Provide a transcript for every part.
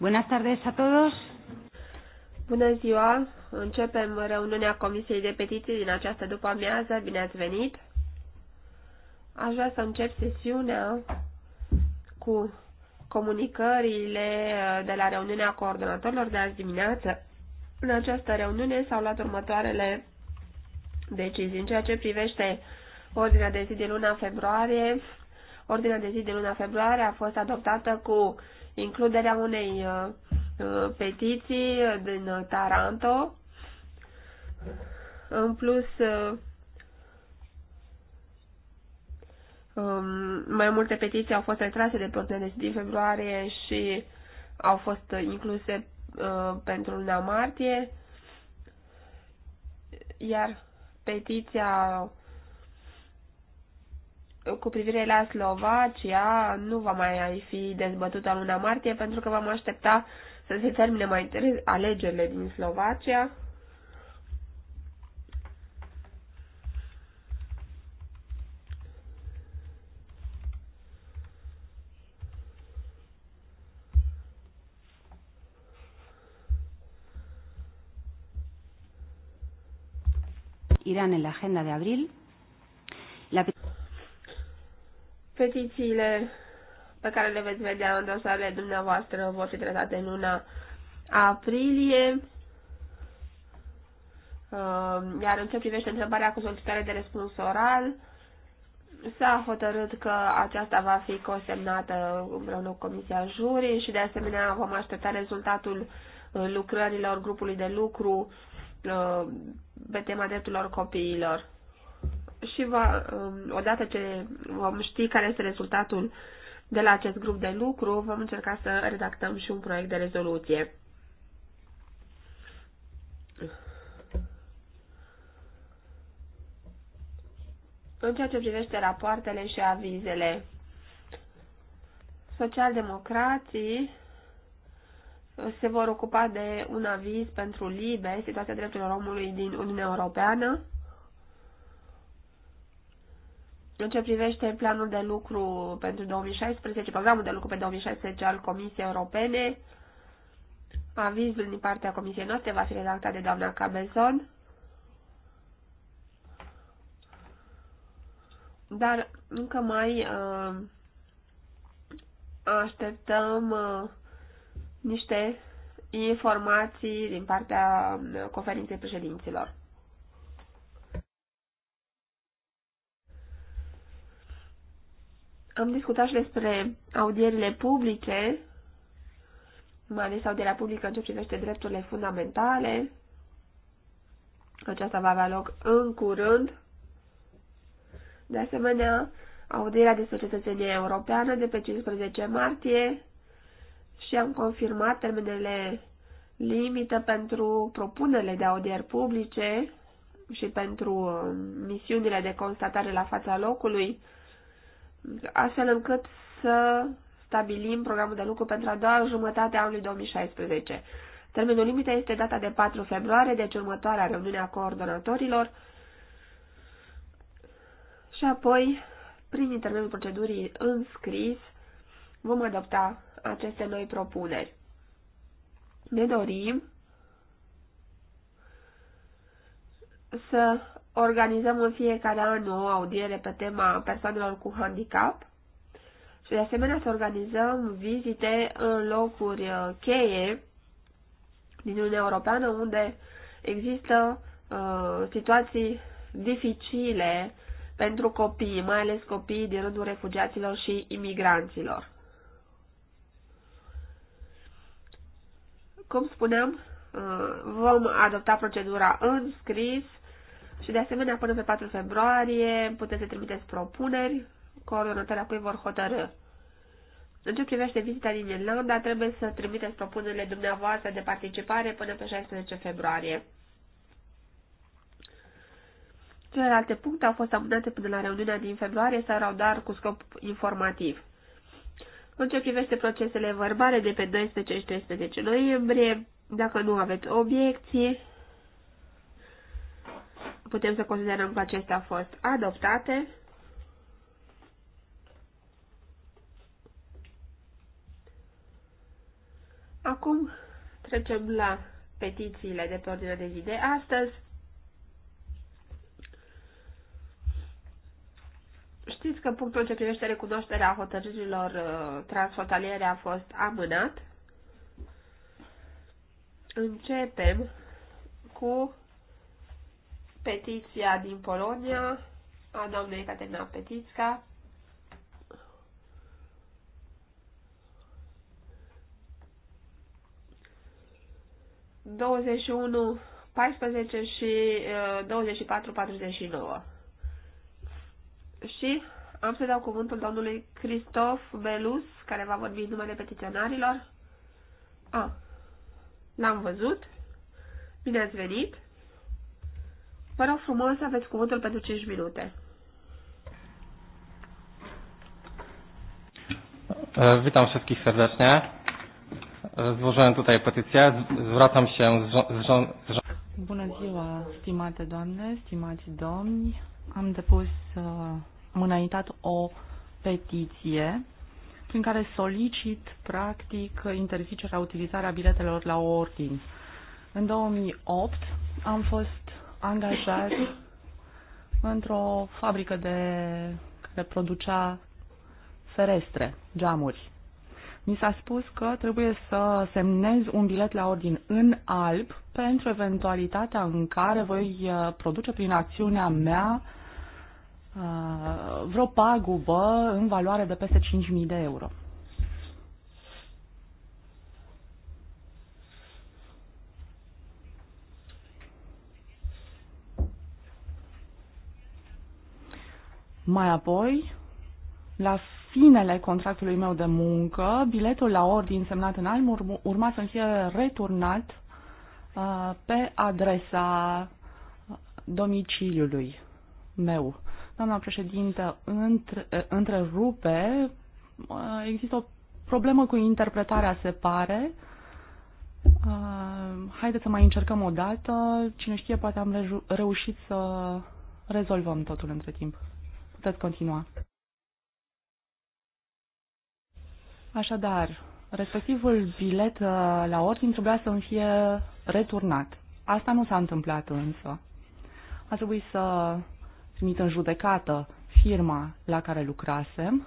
Buenas tardes a todos. Bună ziua! Începem reuniunea Comisiei de Petiții din această după-amiază. Bine ați venit! Aș vrea să încep sesiunea cu comunicările de la reuniunea coordonatorilor de azi dimineață. În această reuniune s-au luat următoarele decizii. În ceea ce privește ordinea de zi de luna februarie, Ordinea de zi de luna februarie a fost adoptată cu includerea unei uh, uh, petiții din Taranto. În plus, uh, um, mai multe petiții au fost retrase de pe de zi din februarie și au fost incluse pentru luna martie, iar petiția cu privire la Slovacia nu va mai fi dezbătută luna martie pentru că vom aștepta să se termine mai târziu alegerile din Slovacia. irán en la agenda de abril. La... Petițiile pe care le veți vedea în dosarele dumneavoastră vor fi tratate în luna aprilie. Um, iar în ce privește întrebarea cu solicitare de răspuns oral, s-a hotărât că aceasta va fi consemnată împreună cu Comisia Jurii și de asemenea vom aștepta rezultatul lucrărilor grupului de lucru um, pe tema drepturilor copiilor și va, um, odată ce vom ști care este rezultatul de la acest grup de lucru, vom încerca să redactăm și un proiect de rezoluție. În ceea ce privește rapoartele și avizele, socialdemocrații se vor ocupa de un aviz pentru LIBE, situația drepturilor omului din Uniunea Europeană. În ce privește planul de lucru pentru 2016, programul de lucru pe 2016 al Comisiei Europene, avizul din partea Comisiei noastre va fi redactat de doamna Cabezon. Dar încă mai uh, așteptăm uh, niște informații din partea uh, conferinței președinților. Am discutat și despre audierile publice, mai ales audierea publică în ce privește drepturile fundamentale. Aceasta va avea loc în curând. De asemenea, audierea despre cetățenie europeană de pe 15 martie și am confirmat termenele limită pentru propunerile de audieri publice și pentru uh, misiunile de constatare la fața locului astfel încât să stabilim programul de lucru pentru a doua jumătate a anului 2016. Termenul limită este data de 4 februarie, deci următoarea reuniune a coordonatorilor și apoi, prin intermediul procedurii înscris, vom adopta aceste noi propuneri. Ne dorim să organizăm în fiecare an o audiere pe tema persoanelor cu handicap și de asemenea să organizăm vizite în locuri uh, cheie din Uniunea Europeană unde există uh, situații dificile pentru copii, mai ales copiii din rândul refugiaților și imigranților. Cum spuneam, uh, vom adopta procedura în scris și de asemenea, până pe 4 februarie puteți să trimiteți propuneri, coordonatorii apoi vor hotărâ. În ce privește vizita din Irlanda, trebuie să trimiteți propunerile dumneavoastră de participare până pe 16 februarie. Celelalte puncte au fost amânate până la reuniunea din februarie sau erau doar cu scop informativ. În ce privește procesele verbale de pe 12 și 13 noiembrie, dacă nu aveți obiecții, putem să considerăm că acestea au fost adoptate. Acum trecem la petițiile de pe ordinea de zi de astăzi. Știți că punctul ce privește recunoașterea hotărârilor uh, transfrontaliere a fost amânat. Începem cu petiția din Polonia a doamnei Caterina Petițca, douăzeci și și uh, 24, 49. Și am să dau cuvântul domnului Cristof Belus, care va vorbi în numele petiționarilor. A, l-am văzut. Bine ați venit! Vă rog frumos să aveți cuvântul pentru 5 minute. Witam wszystkich serdecznie. Złożyłem tutaj petycję. Zwracam się z, rządem. Bună ziua, stimate doamne, stimați domni. Am depus, am înaintat o petiție prin care solicit, practic, interzicerea utilizarea biletelor la ordin. În 2008 am fost angajat într-o fabrică de, care producea ferestre, geamuri. Mi s-a spus că trebuie să semnez un bilet la ordin în alb pentru eventualitatea în care voi uh, produce prin acțiunea mea uh, vreo pagubă în valoare de peste 5.000 de euro. Mai apoi, la finele contractului meu de muncă, biletul la ordin semnat în alb urma să fie returnat uh, pe adresa uh, domiciliului meu. Doamna președintă, între, uh, întrerupe, uh, există o problemă cu interpretarea, se pare. haideți să mai încercăm o dată. Cine știe, poate am reușit să rezolvăm totul între timp. Puteți continua. Așadar, respectivul bilet uh, la ordin trebuia să îmi fie returnat. Asta nu s-a întâmplat însă. A trebuit să trimit în judecată firma la care lucrasem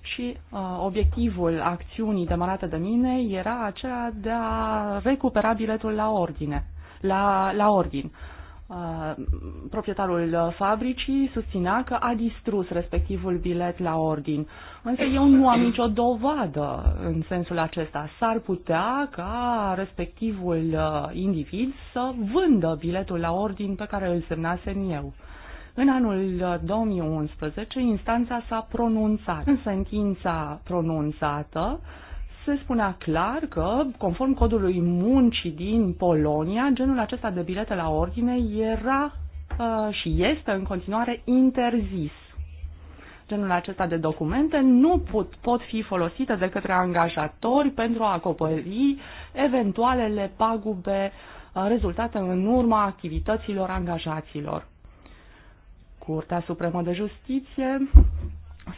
și uh, obiectivul acțiunii demarate de mine era acela de a recupera biletul la ordine, la, la ordin. Uh, proprietarul fabricii susținea că a distrus respectivul bilet la ordin. Însă eu nu am nicio dovadă în sensul acesta. S-ar putea ca respectivul uh, individ să vândă biletul la ordin pe care îl semnasem eu. În anul 2011, uh, instanța s-a pronunțat. În sentința pronunțată, uh, se spunea clar că, conform codului muncii din Polonia, genul acesta de bilete la ordine era uh, și este în continuare interzis. Genul acesta de documente nu pot, pot fi folosite de către angajatori pentru a acoperi eventualele pagube uh, rezultate în urma activităților angajaților. Curtea Supremă de Justiție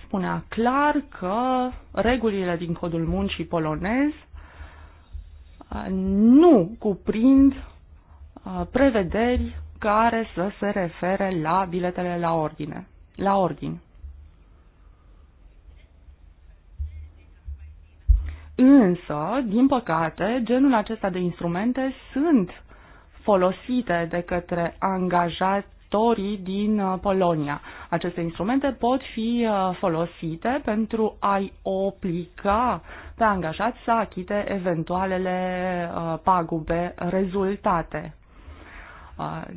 spunea clar că regulile din codul muncii polonez uh, nu cuprind uh, prevederi care să se refere la biletele la ordine, la ordin. Însă, din păcate, genul acesta de instrumente sunt folosite de către angajați agricultorii din uh, Polonia. Aceste instrumente pot fi uh, folosite pentru a-i obliga pe angajați să achite eventualele uh, pagube rezultate.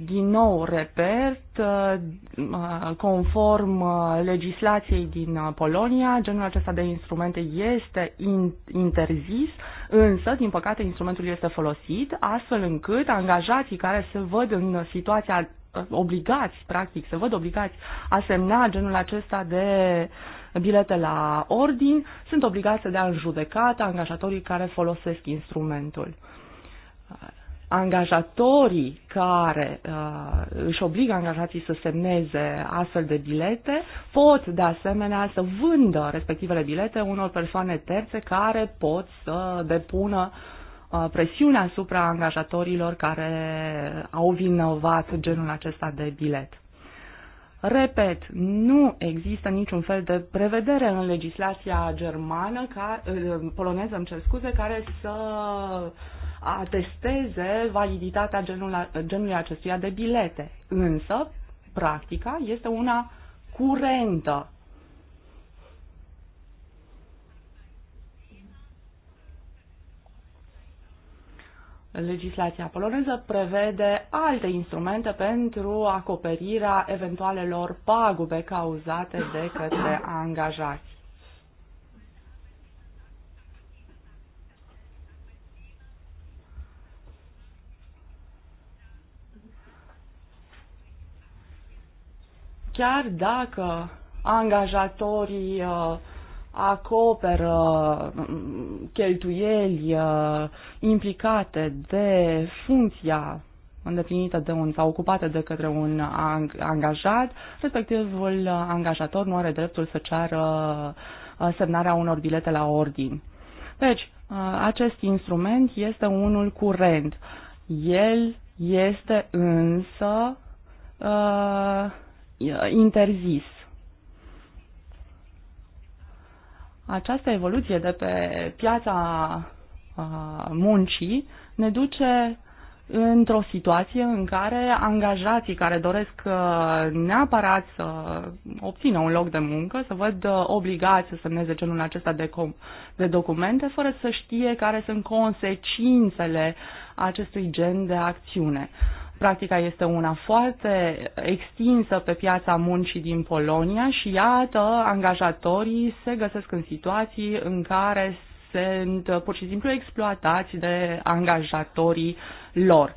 Din nou, repet, conform legislației din Polonia, genul acesta de instrumente este interzis, însă, din păcate, instrumentul este folosit, astfel încât angajații care se văd în situația obligați, practic, se văd obligați a semna genul acesta de bilete la ordin, sunt obligați să dea în judecată angajatorii care folosesc instrumentul. Angajatorii care uh, își obligă angajații să semneze astfel de bilete pot, de asemenea, să vândă respectivele bilete unor persoane terțe care pot să depună uh, Uh, presiune asupra angajatorilor care au vinovat genul acesta de bilet. Repet, nu există niciun fel de prevedere în legislația germană, ca, uh, poloneză, îmi cer scuze, care să atesteze validitatea genul, genului acestuia de bilete. Însă, practica este una curentă legislația poloneză prevede alte instrumente pentru acoperirea eventualelor pagube cauzate de către angajați. Chiar dacă angajatorii uh, acoperă mm, cheltuieli uh, implicate de funcția îndeplinită de un sau ocupată de către un angajat, respectivul angajator nu are dreptul să ceară uh, semnarea unor bilete la ordin. Deci, uh, acest instrument este unul curent. El este însă interzis Această evoluție de pe piața muncii ne duce într-o situație în care angajații care doresc neapărat să obțină un loc de muncă să văd obligați să semneze genul acesta de, de documente fără să știe care sunt consecințele acestui gen de acțiune. Uh, Practica este una foarte extinsă pe piața muncii din Polonia și iată, angajatorii se găsesc în situații în care sunt pur și simplu exploatați de angajatorii lor.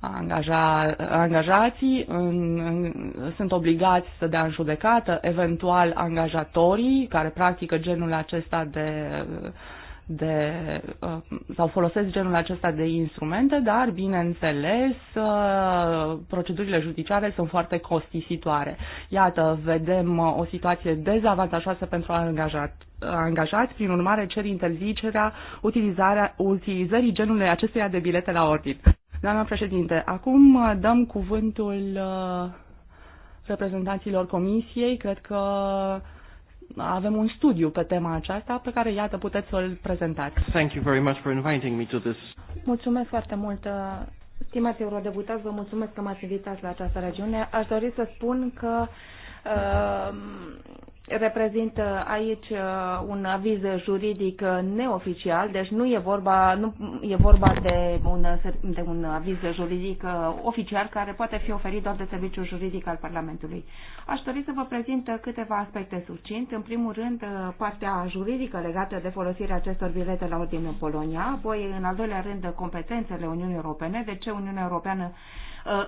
Angaja, angajații în, în, sunt obligați să dea în judecată eventual angajatorii care practică genul acesta de uh, de, uh, sau folosesc genul acesta de instrumente, dar, bineînțeles, uh, procedurile judiciare sunt foarte costisitoare. Iată, vedem uh, o situație dezavantajoasă pentru angajat, angajați, prin urmare cer interzicerea utilizarea, utilizării genului acestuia de bilete la ordin. Doamna președinte, acum dăm cuvântul reprezentanților comisiei. Cred că avem un studiu pe tema aceasta pe care, iată, puteți să-l prezentați. Thank you very much for inviting me to this. Mulțumesc foarte mult, stimați eurodeputați, vă mulțumesc că m-ați invitat la această regiune. Aș dori să spun că uh, reprezintă aici uh, un aviz juridic uh, neoficial, deci nu e vorba, nu e vorba de, un, uh, de un aviz juridic oficial care poate fi oferit doar de serviciul juridic al Parlamentului. Aș dori să vă prezint câteva aspecte succint. În primul rând, partea juridică legată de folosirea acestor bilete la ordine în Polonia, apoi, în al doilea rând, competențele Uniunii Europene, de ce Uniunea Europeană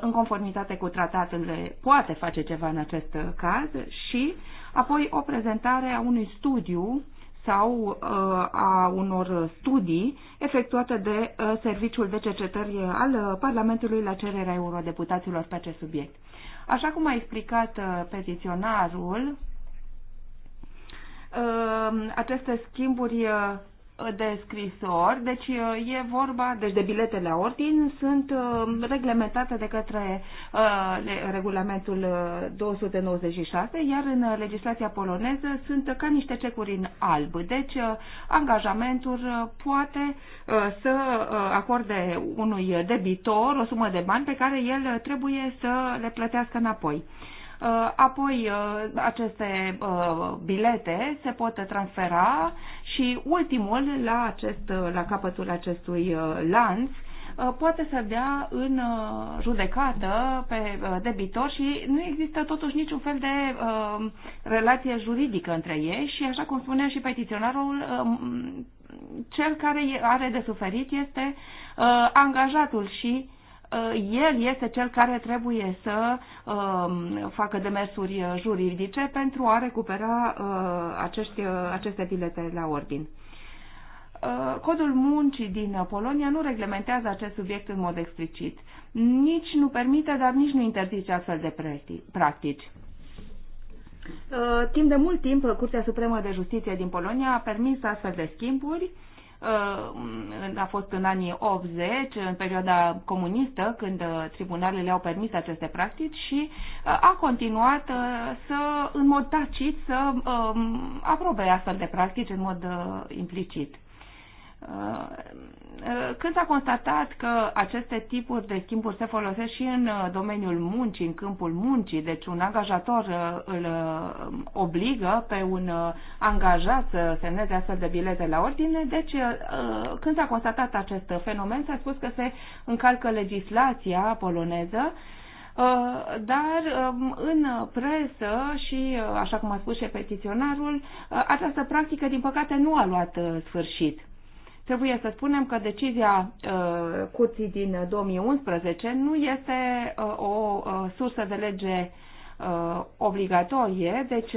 în conformitate cu tratatul poate face ceva în acest caz și uh, apoi o prezentare a unui studiu sau uh, a unor studii efectuate de uh, Serviciul de Cercetări al Parlamentului la cererea eurodeputaților pe acest subiect. Așa cum a explicat uh, petiționarul, aceste schimburi de scrisori, deci uh, e vorba, deci de bilete la ordin, sunt uh, reglementate de către uh, regulamentul 296, iar în legislația poloneză sunt ca niște cecuri în alb. Deci angajamentul poate să acorde unui debitor o sumă de bani pe care el trebuie să le plătească înapoi. Uh, apoi uh, aceste uh, bilete se pot transfera și ultimul la, acest, la capătul acestui lanț poate să dea în judecată pe debitor și nu există totuși niciun fel de relație juridică între ei și așa cum spunea și petiționarul, cel care are de suferit este angajatul și Uh, el este cel care trebuie să um, facă demersuri uh, juridice pentru a recupera uh, acești, aceste bilete la ordin. Codul muncii din Polonia nu reglementează acest subiect în mod explicit. Nici nu permite, dar nici nu interzice astfel de practici. Timp de mult timp, Curtea Supremă de Justiție din Polonia a permis astfel de schimburi Uh, a fost în anii 80, în perioada comunistă, când uh, tribunalele le-au permis aceste practici și uh, a continuat să, în mod tacit, să aprobe astfel de practici în mod implicit. Uh, când s-a constatat că aceste tipuri de schimburi se folosesc și în uh, domeniul muncii, în câmpul muncii, deci un angajator uh, îl obligă pe un angajat să semneze astfel de bilete la ordine, deci când s-a constatat acest fenomen s-a spus că se încalcă legislația poloneză dar um, în presă și, așa cum a spus și petiționarul, această practică, din păcate, nu a luat sfârșit. Trebuie să spunem că decizia uh, curții din 2011 uh, nu este uh, o sursă de lege obligatorie, deci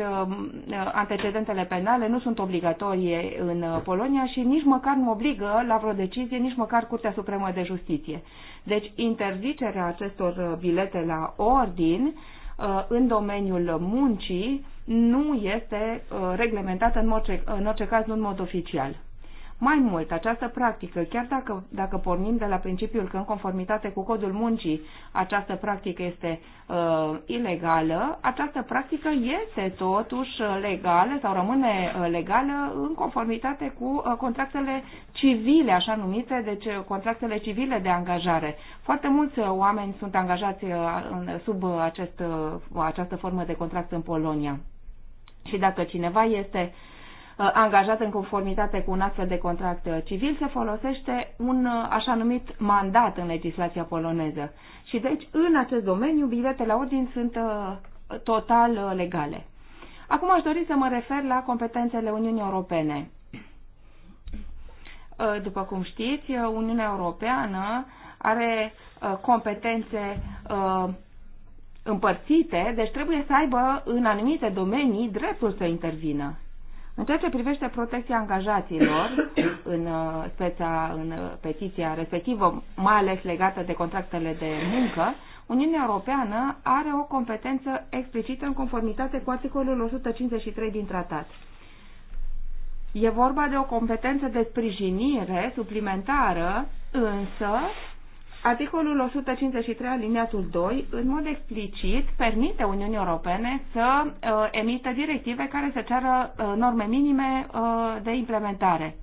antecedentele penale nu sunt obligatorie în Polonia și nici măcar nu obligă la vreo decizie, nici măcar Curtea Supremă de Justiție. Deci interzicerea acestor bilete la ordin în domeniul muncii nu este reglementată în orice, în orice caz, nu în mod oficial. Mai mult, această practică, chiar dacă, dacă pornim de la principiul că în conformitate cu codul muncii această practică este uh, ilegală, această practică este totuși uh, legală sau rămâne uh, legală în conformitate cu uh, contractele civile, așa numite, deci contractele civile de angajare. Foarte mulți oameni sunt angajați sub acest, această formă de contract în Polonia. Și dacă cineva este uh, Uh, angajat în conformitate cu un astfel de contract uh, civil, se folosește un uh, așa numit mandat în legislația poloneză. Și deci, în acest domeniu, biletele ordin sunt total legale. Acum aș dori să mă refer la competențele Uniunii Europene. După cum știți, Uniunea Europeană are competențe împărțite, deci trebuie să aibă în anumite domenii dreptul să intervină. În ceea ce privește protecția angajaților în uh, speța, în uh, petiția respectivă, mai ales legată de contractele de muncă, Uniunea Europeană are o competență explicită în conformitate cu articolul 153 din tratat. E vorba de o competență de sprijinire suplimentară, însă Articolul 153 aliniatul 2 în mod explicit permite Uniunii Europene să uh, emită directive care să ceară uh, norme minime uh, de implementare.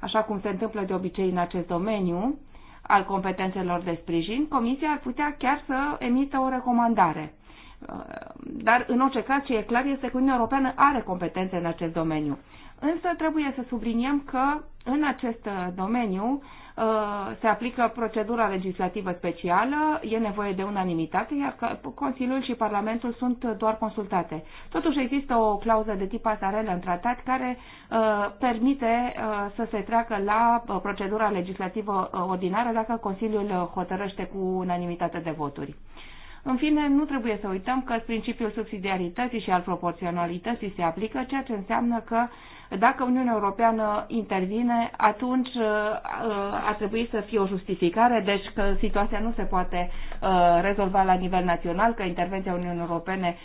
Așa cum se întâmplă de obicei în acest domeniu al competențelor de sprijin, Comisia ar putea chiar să emită o recomandare. Uh, dar, în orice caz, ce e clar este că Uniunea Europeană are competențe în acest domeniu. Însă trebuie să subliniem că, în acest uh, domeniu, Uh, se aplică procedura legislativă specială, e nevoie de unanimitate, iar Consiliul și Parlamentul sunt doar consultate. Totuși există o clauză de tip pasarelă în tratat care uh, permite uh, să se treacă la procedura legislativă ordinară dacă Consiliul hotărăște cu unanimitate de voturi. În fine, nu trebuie să uităm că principiul subsidiarității și al proporționalității se aplică, ceea ce înseamnă că uh, dacă Uniunea Europeană intervine, atunci uh, uh, ar trebui să fie o justificare, deci că situația nu se poate uh, rezolva la nivel național, că intervenția Uniunii Europene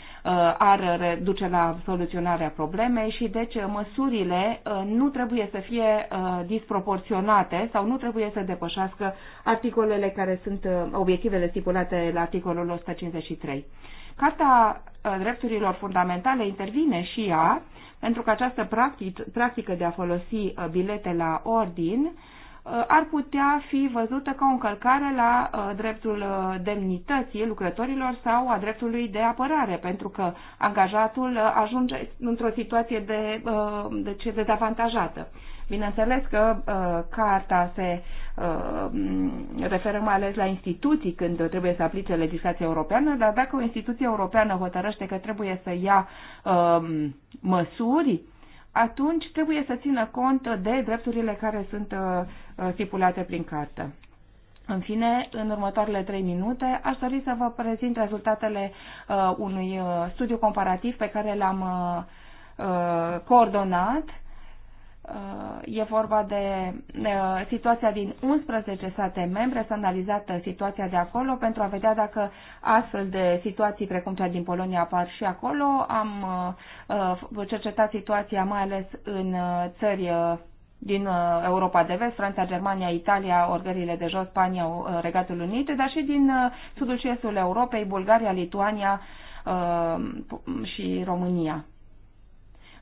ar duce la soluționarea problemei și deci măsurile nu trebuie să fie disproporționate sau nu trebuie să depășească articolele care sunt obiectivele stipulate la articolul 153. Carta drepturilor fundamentale intervine și ea pentru că această practic, practică de a folosi uh, bilete la ordin uh, ar putea fi văzută ca o încălcare la uh, dreptul demnității lucrătorilor sau a dreptului de apărare, pentru că angajatul ajunge într-o situație de, de ce dezavantajată. Bineînțeles că uh, carta se uh, referă mai ales la instituții când trebuie să aplice legislația europeană, dar dacă o instituție europeană hotărăște că trebuie să ia uh, măsuri, atunci trebuie să țină cont de drepturile care sunt uh, uh, stipulate prin cartă. În fine, în următoarele trei minute, aș dori să vă prezint rezultatele uh, unui uh, studiu comparativ pe care l-am uh, uh coordonat uh, Uh, e vorba de uh, situația din 11 state membre, s-a analizat situația de acolo pentru a vedea dacă astfel de situații precum cea din Polonia apar și acolo. Am uh, cercetat situația mai ales în țări din Europa de Vest, Franța, Germania, Italia, orgările de jos, Spania, Regatul Unit, dar și din sudul și estul Europei, Bulgaria, Lituania și România.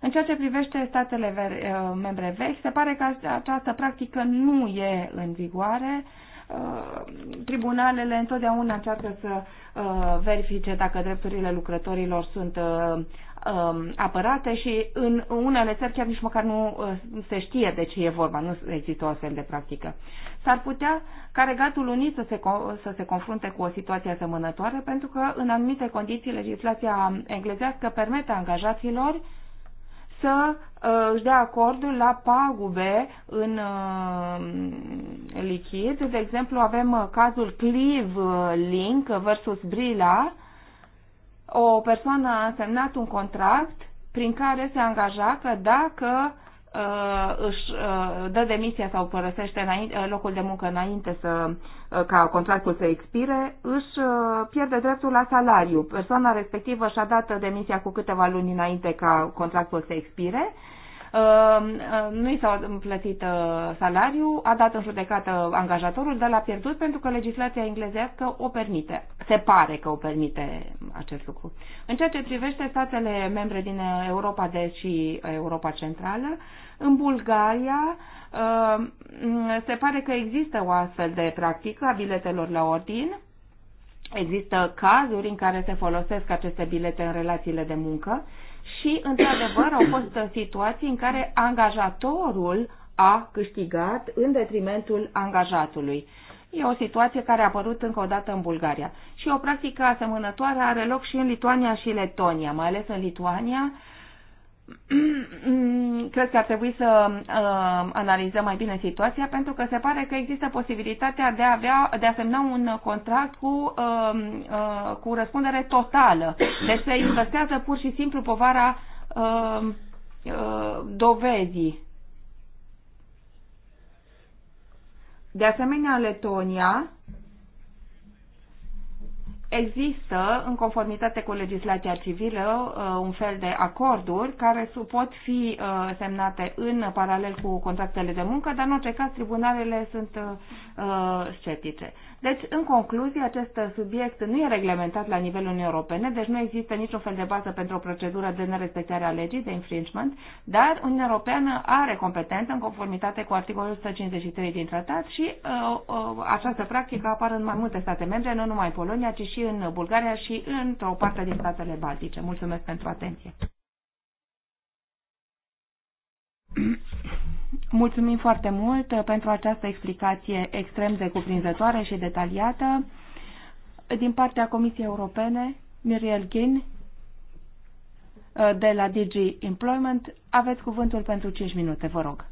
În ceea ce privește statele eh, membre vechi, se pare că această practică nu e în vigoare. Eh, tribunalele întotdeauna încearcă să eh, verifice dacă drepturile lucrătorilor sunt apărate și în unele țări chiar nici măcar nu se știe de ce e vorba, nu există o astfel de practică. S-ar putea ca Regatul Unit să se, să se confrunte cu o situație asemănătoare pentru că în anumite condiții legislația englezească permite angajaților să uh, își dea acordul la pagube în uh, lichid. De exemplu, avem uh, cazul Clive uh, Link versus Brila. O persoană a semnat un contract prin care se angaja că dacă uh, Uh, își uh, dă demisia sau părăsește înainte, uh, locul de muncă înainte să, ca contractul să expire, își pierde dreptul la salariu. Persoana respectivă și-a dat demisia cu câteva luni înainte ca contractul să expire Ehm, ehm, nu i s-a plătit uh, salariu, a dat în judecată angajatorul, dar l-a pierdut pentru că legislația englezească o permite. Se pare că o permite acest lucru. În ceea ce privește statele membre din Europa de și Europa Centrală, în Bulgaria ehm, se pare că există o astfel de practică a biletelor la ordin, Există cazuri în care se folosesc aceste bilete în relațiile de muncă și, într-adevăr, au fost situații în care angajatorul a câștigat în detrimentul angajatului. E o situație care a apărut încă o dată în Bulgaria. Și o practică asemănătoare are loc și în Lituania și Letonia, mai ales în Lituania, Mm, cred că ar trebui să uh, analizăm mai bine situația pentru că se pare că există posibilitatea de a, avea, de a semna un contract cu, uh, uh, cu răspundere totală. Deci se investează pur și simplu povara uh, uh, dovezii. De asemenea, Letonia există, în conformitate cu legislația civilă, uh, un fel de acorduri care pot fi uh, semnate în paralel cu contractele de muncă, dar în orice caz tribunalele sunt uh, sceptice. Deci, în concluzie, acest subiect nu e reglementat la nivelul Uniunii Europene, deci nu există niciun fel de bază pentru o procedură de nerespectare a legii, de infringement, dar Uniunea Europeană are competență în conformitate cu articolul 153 din tratat și uh, uh, această practică apare în mai multe state membre, nu numai în Polonia, ci și în Bulgaria și într-o parte din statele baltice. Mulțumesc pentru atenție. Mulțumim foarte mult uh, pentru această explicație extrem de cuprinzătoare și detaliată. Din partea Comisiei Europene, Miriel Ghin, uh, de la DG Employment, aveți cuvântul pentru 5 minute, vă rog.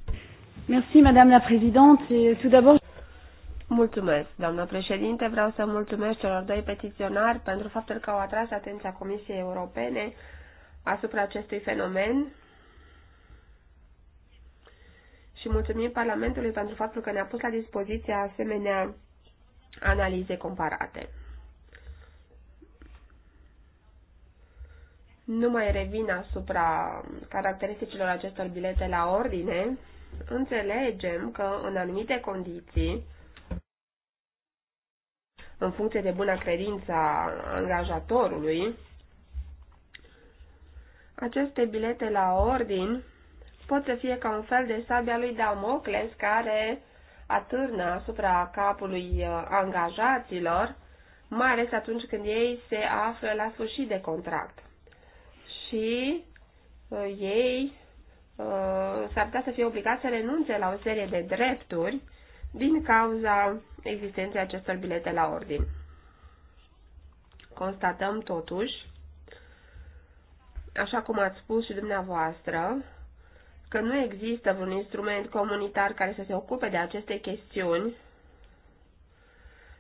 Merci, Madame la Présidente. Tout d'abord, Mulțumesc, doamnă președinte. Vreau să mulțumesc celor doi petiționari pentru faptul că au atras atenția Comisiei Europene asupra acestui fenomen și mulțumim Parlamentului pentru faptul că ne-a pus la dispoziție asemenea analize comparate. Nu mai revin asupra caracteristicilor acestor bilete la ordine. Înțelegem că în anumite condiții, în funcție de buna credință a angajatorului, aceste bilete la ordin pot să fie ca un fel de sabia lui Damocles care atârnă asupra capului uh, angajaților, mai ales atunci când ei se află la sfârșit de contract. Și uh, ei uh, s-ar putea să fie obligați să renunțe la o serie de drepturi din cauza existenței acestor bilete la ordin. Constatăm totuși, așa cum ați spus și dumneavoastră, că nu există un instrument comunitar care să se ocupe de aceste chestiuni.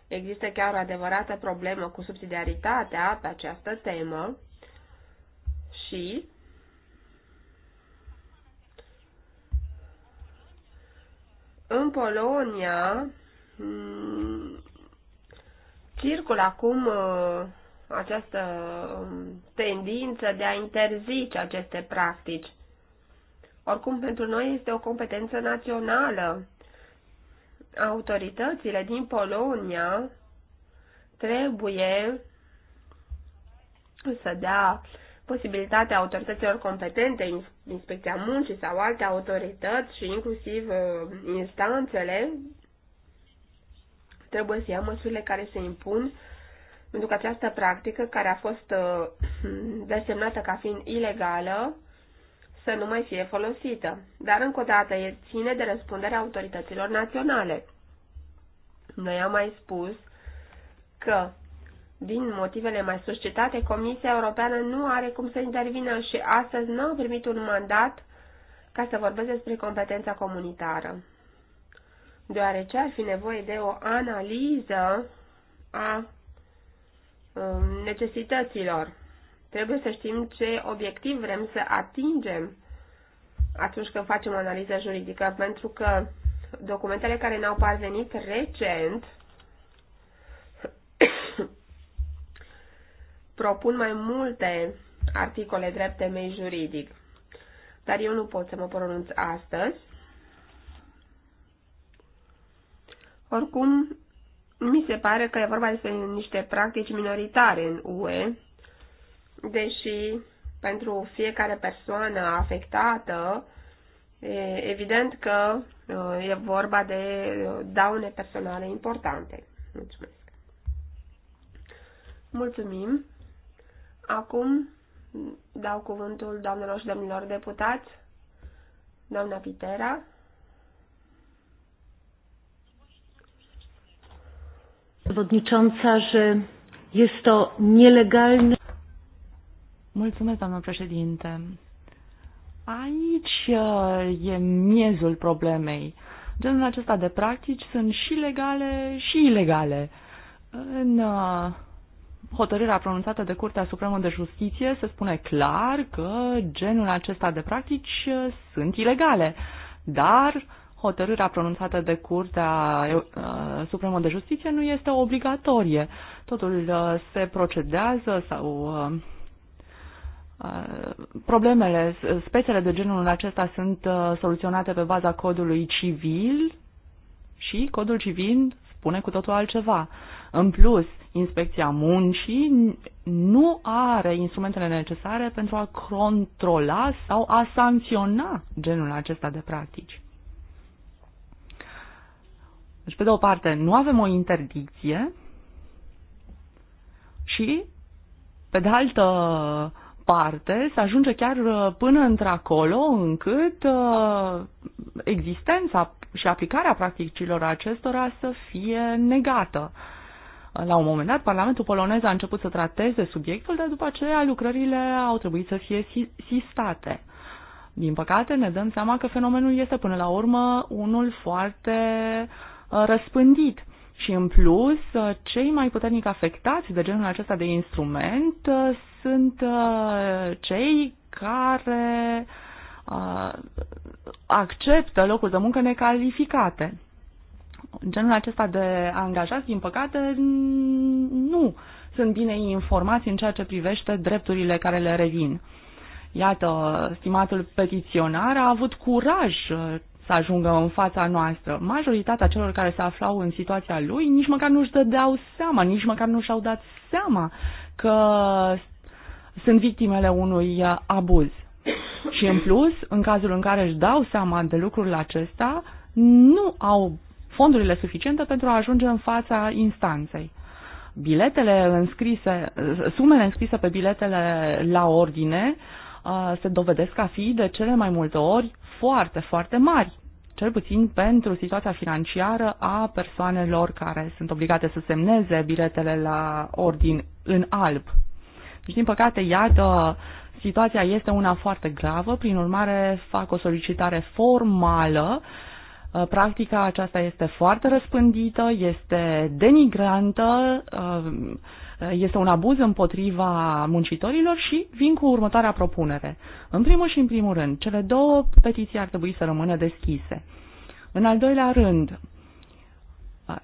Există chiar o adevărată problemă cu subsidiaritatea pe această temă și în Polonia mm, circulă acum uh, această um, tendință de a interzice aceste practici. Oricum, pentru noi este o competență națională. Autoritățile din Polonia trebuie să dea posibilitatea autorităților competente, inspecția muncii sau alte autorități și inclusiv uh, instanțele, trebuie să ia măsurile care se impun pentru că această practică, care a fost uh, desemnată ca fiind ilegală, să nu mai fie folosită, dar încă o dată el ține de răspunderea autorităților naționale. Noi am mai spus că, din motivele mai suscitate, Comisia Europeană nu are cum să intervină și astăzi nu au primit un mandat ca să vorbesc despre competența comunitară, deoarece ar fi nevoie de o analiză a um, necesităților. Trebuie să știm ce obiectiv vrem să atingem atunci când facem analiza juridică, pentru că documentele care ne-au parvenit recent propun mai multe articole drepte mei juridic. Dar eu nu pot să mă pronunț astăzi. Oricum, mi se pare că e vorba despre niște practici minoritare în UE, deși pentru fiecare persoană afectată, e evident că e vorba de daune personale importante. Mulțumesc. Mulțumim. Acum dau cuvântul doamnelor și domnilor deputați. Doamna Pitera. Przewodnicząca, że jest to nielegalne. Mulțumesc, doamnă președinte. Aici uh, e miezul problemei. Genul acesta de practici sunt și legale și ilegale. În uh, hotărârea pronunțată de Curtea Supremă de Justiție se spune clar că genul acesta de practici uh, sunt ilegale, dar hotărârea pronunțată de Curtea Supremă de Justiție nu este obligatorie. Totul se procedează sau Uh, problemele, spețele de genul acesta sunt uh, soluționate pe baza codului civil și codul civil spune cu totul altceva. În plus, inspecția muncii nu are instrumentele necesare pentru a controla sau a sancționa genul acesta de practici. Deci, pe de o parte, nu avem o interdicție și, pe de altă departe, se ajunge chiar uh, până într-acolo încât uh, existența și aplicarea practicilor acestora să fie negată. La un moment dat, Parlamentul polonez a început să trateze subiectul, dar după aceea lucrările au trebuit să fie sistate. Din păcate, ne dăm seama că fenomenul este până la urmă unul foarte uh, răspândit. Și în plus, uh, cei mai puternic afectați de genul acesta de instrument uh, sunt uh, cei care acceptă locuri de muncă necalificate. Genul acesta de angajați, din păcate, nu sunt bine informați în ceea ce privește drepturile care le revin. Iată, stimatul petiționar a avut curaj să ajungă în fața noastră. Majoritatea celor care se aflau în situația lui nici măcar nu-și dădeau seama, nici măcar nu și-au dat seama că sunt victimele unui uh, abuz. Și în plus, în cazul în care își dau seama de lucrurile acesta, nu au fondurile suficiente pentru a ajunge în fața instanței. Biletele înscrise, uh, sumele înscrise pe biletele la ordine uh, se dovedesc a fi de cele mai multe ori foarte, foarte mari cel puțin pentru situația financiară a persoanelor care sunt obligate să semneze biletele la ordin în alb. Deci, din păcate, iată, situația este una foarte gravă, prin urmare fac o solicitare formală. Practica aceasta este foarte răspândită, este denigrantă, Eh, este un abuz împotriva muncitorilor și vin cu următoarea propunere. În primul și în primul rând, cele două petiții ar trebui să rămână deschise. În al doilea rând, eh,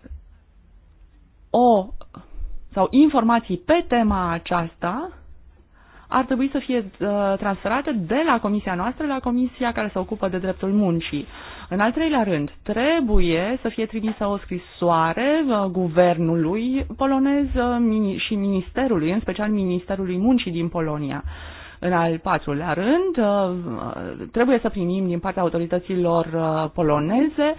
o sau informații pe tema aceasta ar trebui să fie eh, transferate de la comisia noastră la comisia care se ocupă de dreptul muncii. În al treilea rând, trebuie să fie trimisă o scrisoare uh, guvernului polonez uh, și ministerului, în special Ministerului Muncii din Polonia. În al patrulea rând, uh, trebuie să primim din partea autorităților poloneze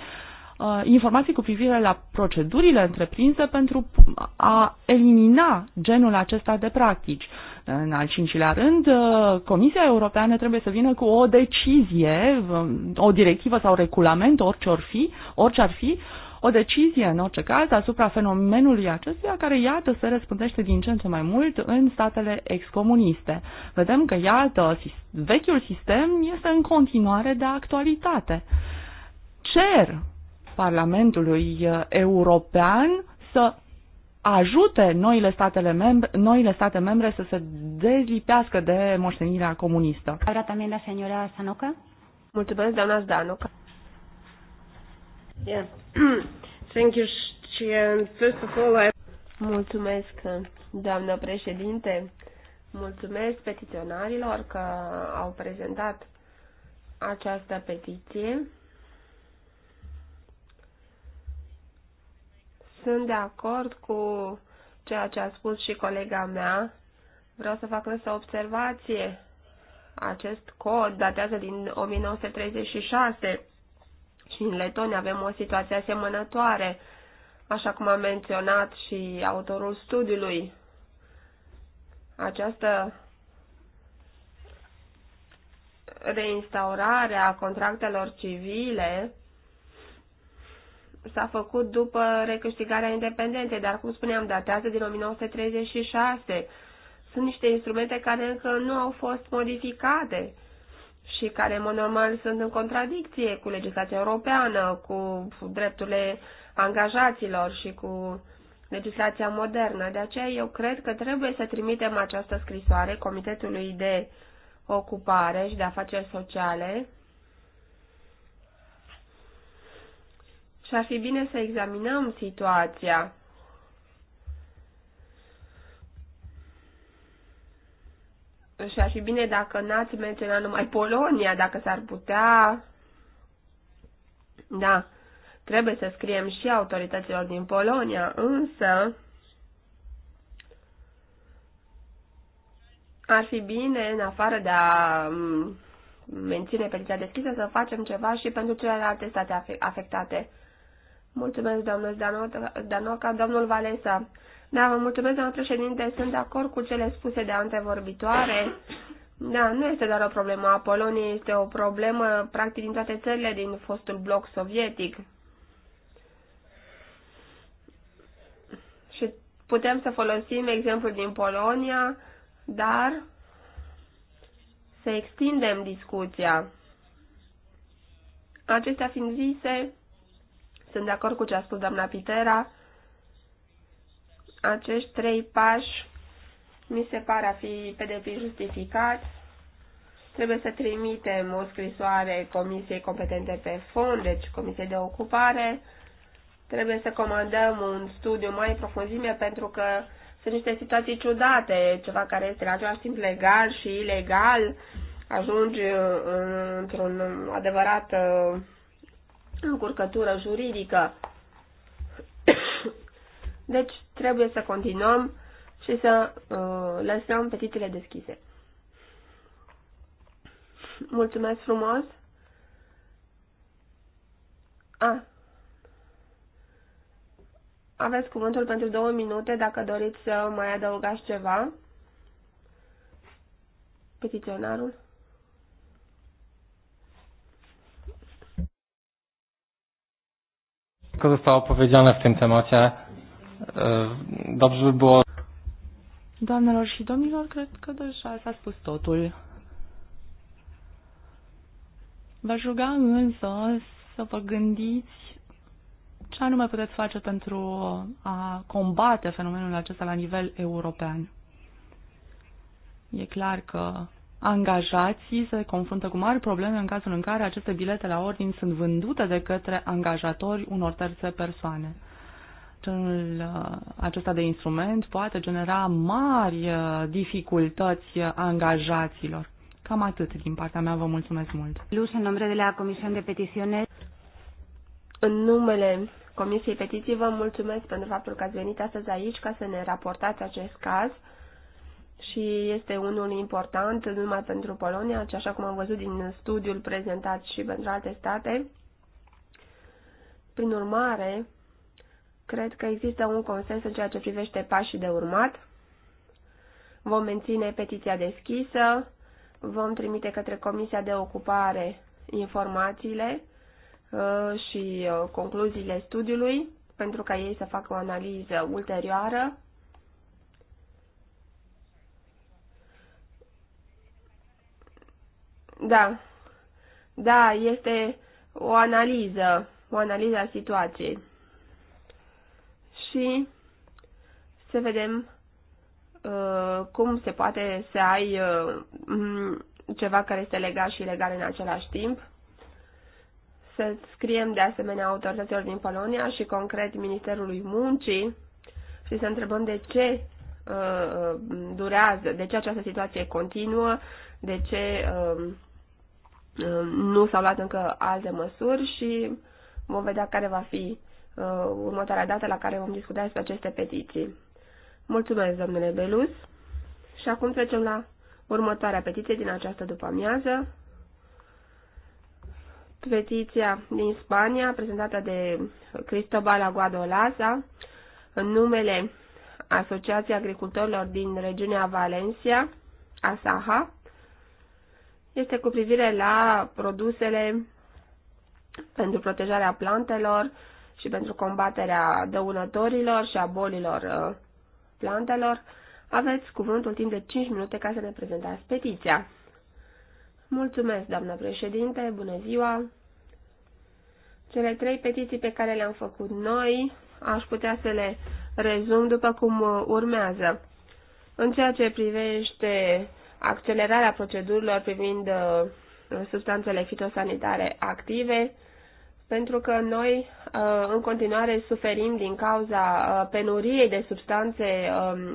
informații cu privire la procedurile întreprinse pentru a elimina genul acesta de practici. În al cincilea rând, uh, Comisia Europeană trebuie să vină cu o decizie, um, o directivă sau regulament, orice ar fi, orice ar fi o decizie în orice caz asupra fenomenului acestuia care, iată, se răspândește din ce în ce mai mult în statele excomuniste. Vedem că, iată, vechiul sistem este în continuare de actualitate. Cer Parlamentului uh, European să ajute noile, statele membre, noile state membre să se dezlipească de moștenirea comunistă. Ahora también la señora Sanoca. Mulțumesc, doamna Zdanoca. Yeah. Thank you. First of all, I... Mulțumesc, doamna președinte. Mulțumesc petiționarilor că au prezentat această petiție. Sunt de acord cu ceea ce a spus și colega mea. Vreau să fac însă observație. Acest cod datează din 1936 și în Letonia avem o situație asemănătoare, așa cum a menționat și autorul studiului. Această reinstaurare a contractelor civile s-a făcut după recâștigarea independenței, dar, cum spuneam, datează din 1936. Sunt niște instrumente care încă nu au fost modificate și care, în mod normal, sunt în contradicție cu legislația europeană, cu drepturile angajaților și cu legislația modernă. De aceea, eu cred că trebuie să trimitem această scrisoare Comitetului de Ocupare și de Afaceri Sociale, Și ar fi bine să examinăm situația. Și ar fi bine dacă n-ați menționat numai Polonia, dacă s-ar putea. Da, trebuie să scriem și autorităților din Polonia, însă ar fi bine, în afară de a menține petiția deschisă, să facem ceva și pentru celelalte state afectate. Mulțumesc, domnul Danoca, domnul Valesa. Da, vă mulțumesc, domnul președinte, sunt de acord cu cele spuse de antevorbitoare. Da, nu este doar o problemă a Poloniei, este o problemă practic din toate țările din fostul bloc sovietic. Și putem să folosim exemplul din Polonia, dar să extindem discuția. Acestea fiind zise, sunt de acord cu ce a spus doamna Pitera. Acești trei pași mi se pare a fi pe deplin justificați. Trebuie să trimitem o scrisoare Comisiei competente pe fond, deci Comisiei de Ocupare. Trebuie să comandăm un studiu mai profunzime pentru că sunt niște situații ciudate, ceva care este la același timp legal și ilegal, ajungi uh, într-un adevărat uh, încurcătură juridică. Deci trebuie să continuăm și să uh, lăsăm petițiile deschise. Mulțumesc frumos! A. Aveți cuvântul pentru două minute dacă doriți să mai adăugați ceva. Petiționarul. Wszystko zostało powiedziane w tym temacie. Dobrze by było... Doamnelor și domnilor, cred că deja s-a spus totul. V-aș ruga însă să vă gândiți ce anume puteți face pentru a combate fenomenul acesta la nivel european. E clar că angajații se confruntă cu mari probleme în cazul în care aceste bilete la ordin sunt vândute de către angajatori unor terțe persoane. Genul uh, acesta de instrument poate genera mari uh, dificultăți uh, angajaților. Cam atât din partea mea, vă mulțumesc mult. Luz, în numele de la Comisia de Petiție. În numele Comisiei Petiții vă mulțumesc pentru faptul că ați venit astăzi aici ca să ne raportați acest caz și este unul important numai pentru Polonia, ci așa cum am văzut din studiul prezentat și pentru alte state. Prin urmare, cred că există un consens în ceea ce privește pașii de urmat. Vom menține petiția deschisă, vom trimite către Comisia de Ocupare informațiile uh, și uh, concluziile studiului pentru ca ei să facă o analiză ulterioară Da. Da, este o analiză, o analiză a situației. Și să vedem uh, cum se poate să ai uh, ceva care este legal și legal în același timp. Să scriem de asemenea autorităților din Polonia și concret Ministerului Muncii și să întrebăm de ce uh, uh durează, de ce această situație continuă, de ce uh, Uh, nu s-au luat încă alte măsuri și vom vedea care va fi uh, următoarea dată la care vom discuta despre aceste petiții. Mulțumesc, domnule Belus. Și acum trecem la următoarea petiție din această după-amiază. Petiția din Spania, prezentată de Cristobal Aguado Laza, în numele Asociației Agricultorilor din regiunea Valencia, ASAHA, este cu privire la produsele pentru protejarea plantelor și pentru combaterea dăunătorilor și a bolilor uh, plantelor. Aveți cuvântul timp de 5 minute ca să ne prezentați petiția. Mulțumesc, doamnă președinte, bună ziua! Cele trei petiții pe care le-am făcut noi, aș putea să le rezum după cum urmează. În ceea ce privește accelerarea procedurilor privind uh, substanțele fitosanitare active, pentru că noi uh, în continuare suferim din cauza uh, penuriei de substanțe um,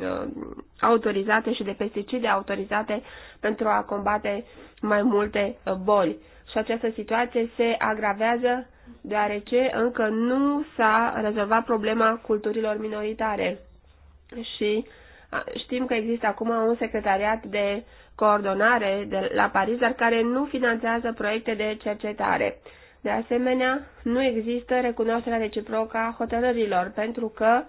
autorizate și de pesticide autorizate pentru a combate mai multe boli. Și această situație se agravează deoarece încă nu s-a rezolvat problema culturilor minoritare și Știm că există acum un secretariat de coordonare de la Paris, dar care nu finanțează proiecte de cercetare. De asemenea, nu există recunoașterea reciprocă a hotărârilor, pentru că,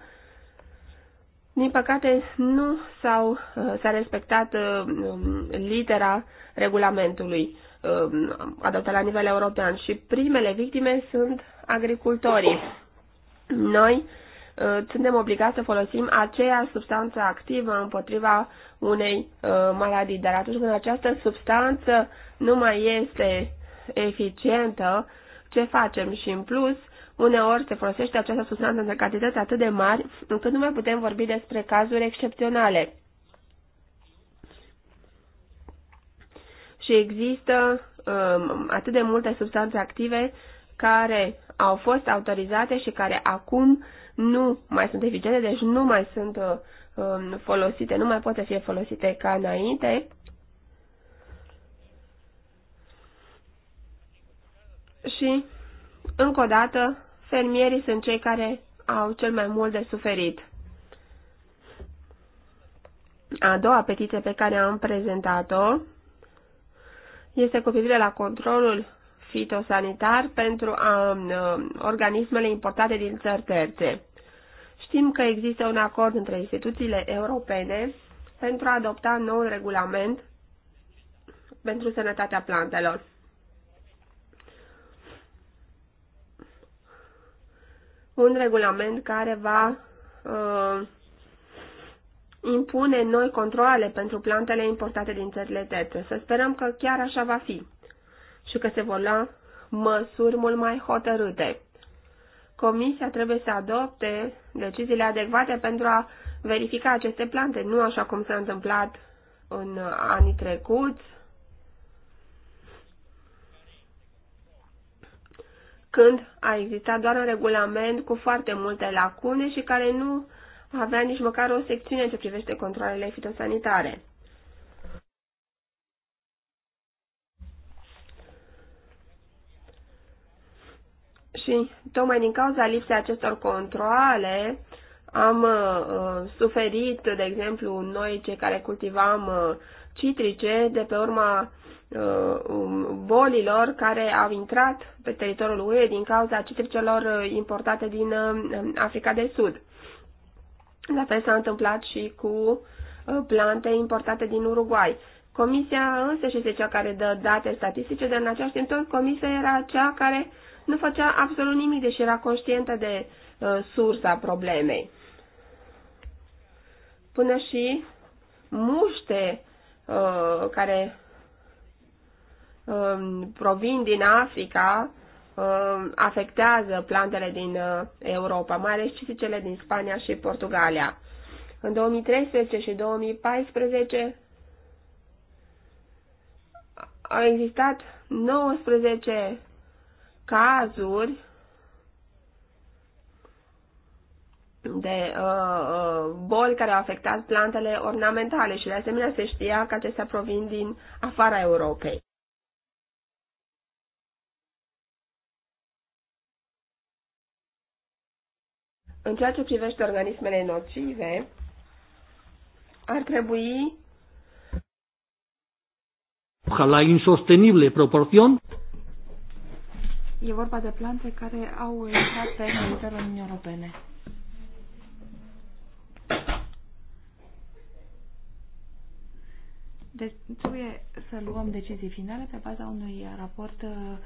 din păcate, nu s-au, uh, s-a respectat uh, um, litera regulamentului uh, adoptat la nivel european și primele victime sunt agricultorii. Noi Uh, suntem obligați să folosim aceeași substanță activă împotriva unei uh, maladii. Dar atunci când această substanță nu mai este eficientă, ce facem? Și în plus, uneori se folosește această substanță în cantități atât de mari, încât nu mai putem vorbi despre cazuri excepționale. Și există um, atât de multe substanțe active care au fost autorizate și care acum nu mai sunt eficiente, deci nu mai sunt uh, folosite, nu mai pot să fie folosite ca înainte. Și, încă o dată, fermierii sunt cei care au cel mai mult de suferit. A doua petiție pe care am prezentat-o este cu privire la controlul fitosanitar pentru a, um, a, uh, organismele importate din țări terțe. Știm că există un acord între instituțiile europene pentru a adopta noul regulament pentru sănătatea plantelor. Un regulament care va a, uh, impune noi controle pentru plantele importate din țările terțe. Să sperăm că chiar așa va fi și că se vor lua măsuri mult mai hotărâte. Comisia trebuie să adopte deciziile adecvate pentru a verifica aceste plante, nu așa cum s-a întâmplat în anii trecuți, când a existat doar un regulament cu foarte multe lacune și care nu avea nici măcar o secțiune ce privește controlele fitosanitare. Și tocmai din cauza lipsei acestor controle am uh, suferit, de exemplu, noi cei care cultivam uh, citrice de pe urma uh, um, bolilor care au intrat pe teritoriul UE din cauza citricelor uh, importate din uh, Africa de Sud. La fel s-a întâmplat și cu plante importate din Uruguay. Comisia însă și este cea care dă date statistice, dar în același timp tot comisia era cea care nu făcea absolut nimic, deși era conștientă de uh, sursa problemei. Până și muște uh, care uh, provin din Africa uh, afectează plantele din uh, Europa, mai ales cele din Spania și Portugalia. În 2013 și 2014 au existat 19 cazuri de uh, uh, boli care au afectat plantele ornamentale și de asemenea se știa că acestea provin din afara Europei. În ceea ce privește organismele nocive, ar trebui ojalá insostenible proporción E vorba de plante care au intrat pe teritoriul Uniunii Europene. Deci trebuie să luăm decizii finale pe baza unui raport uh,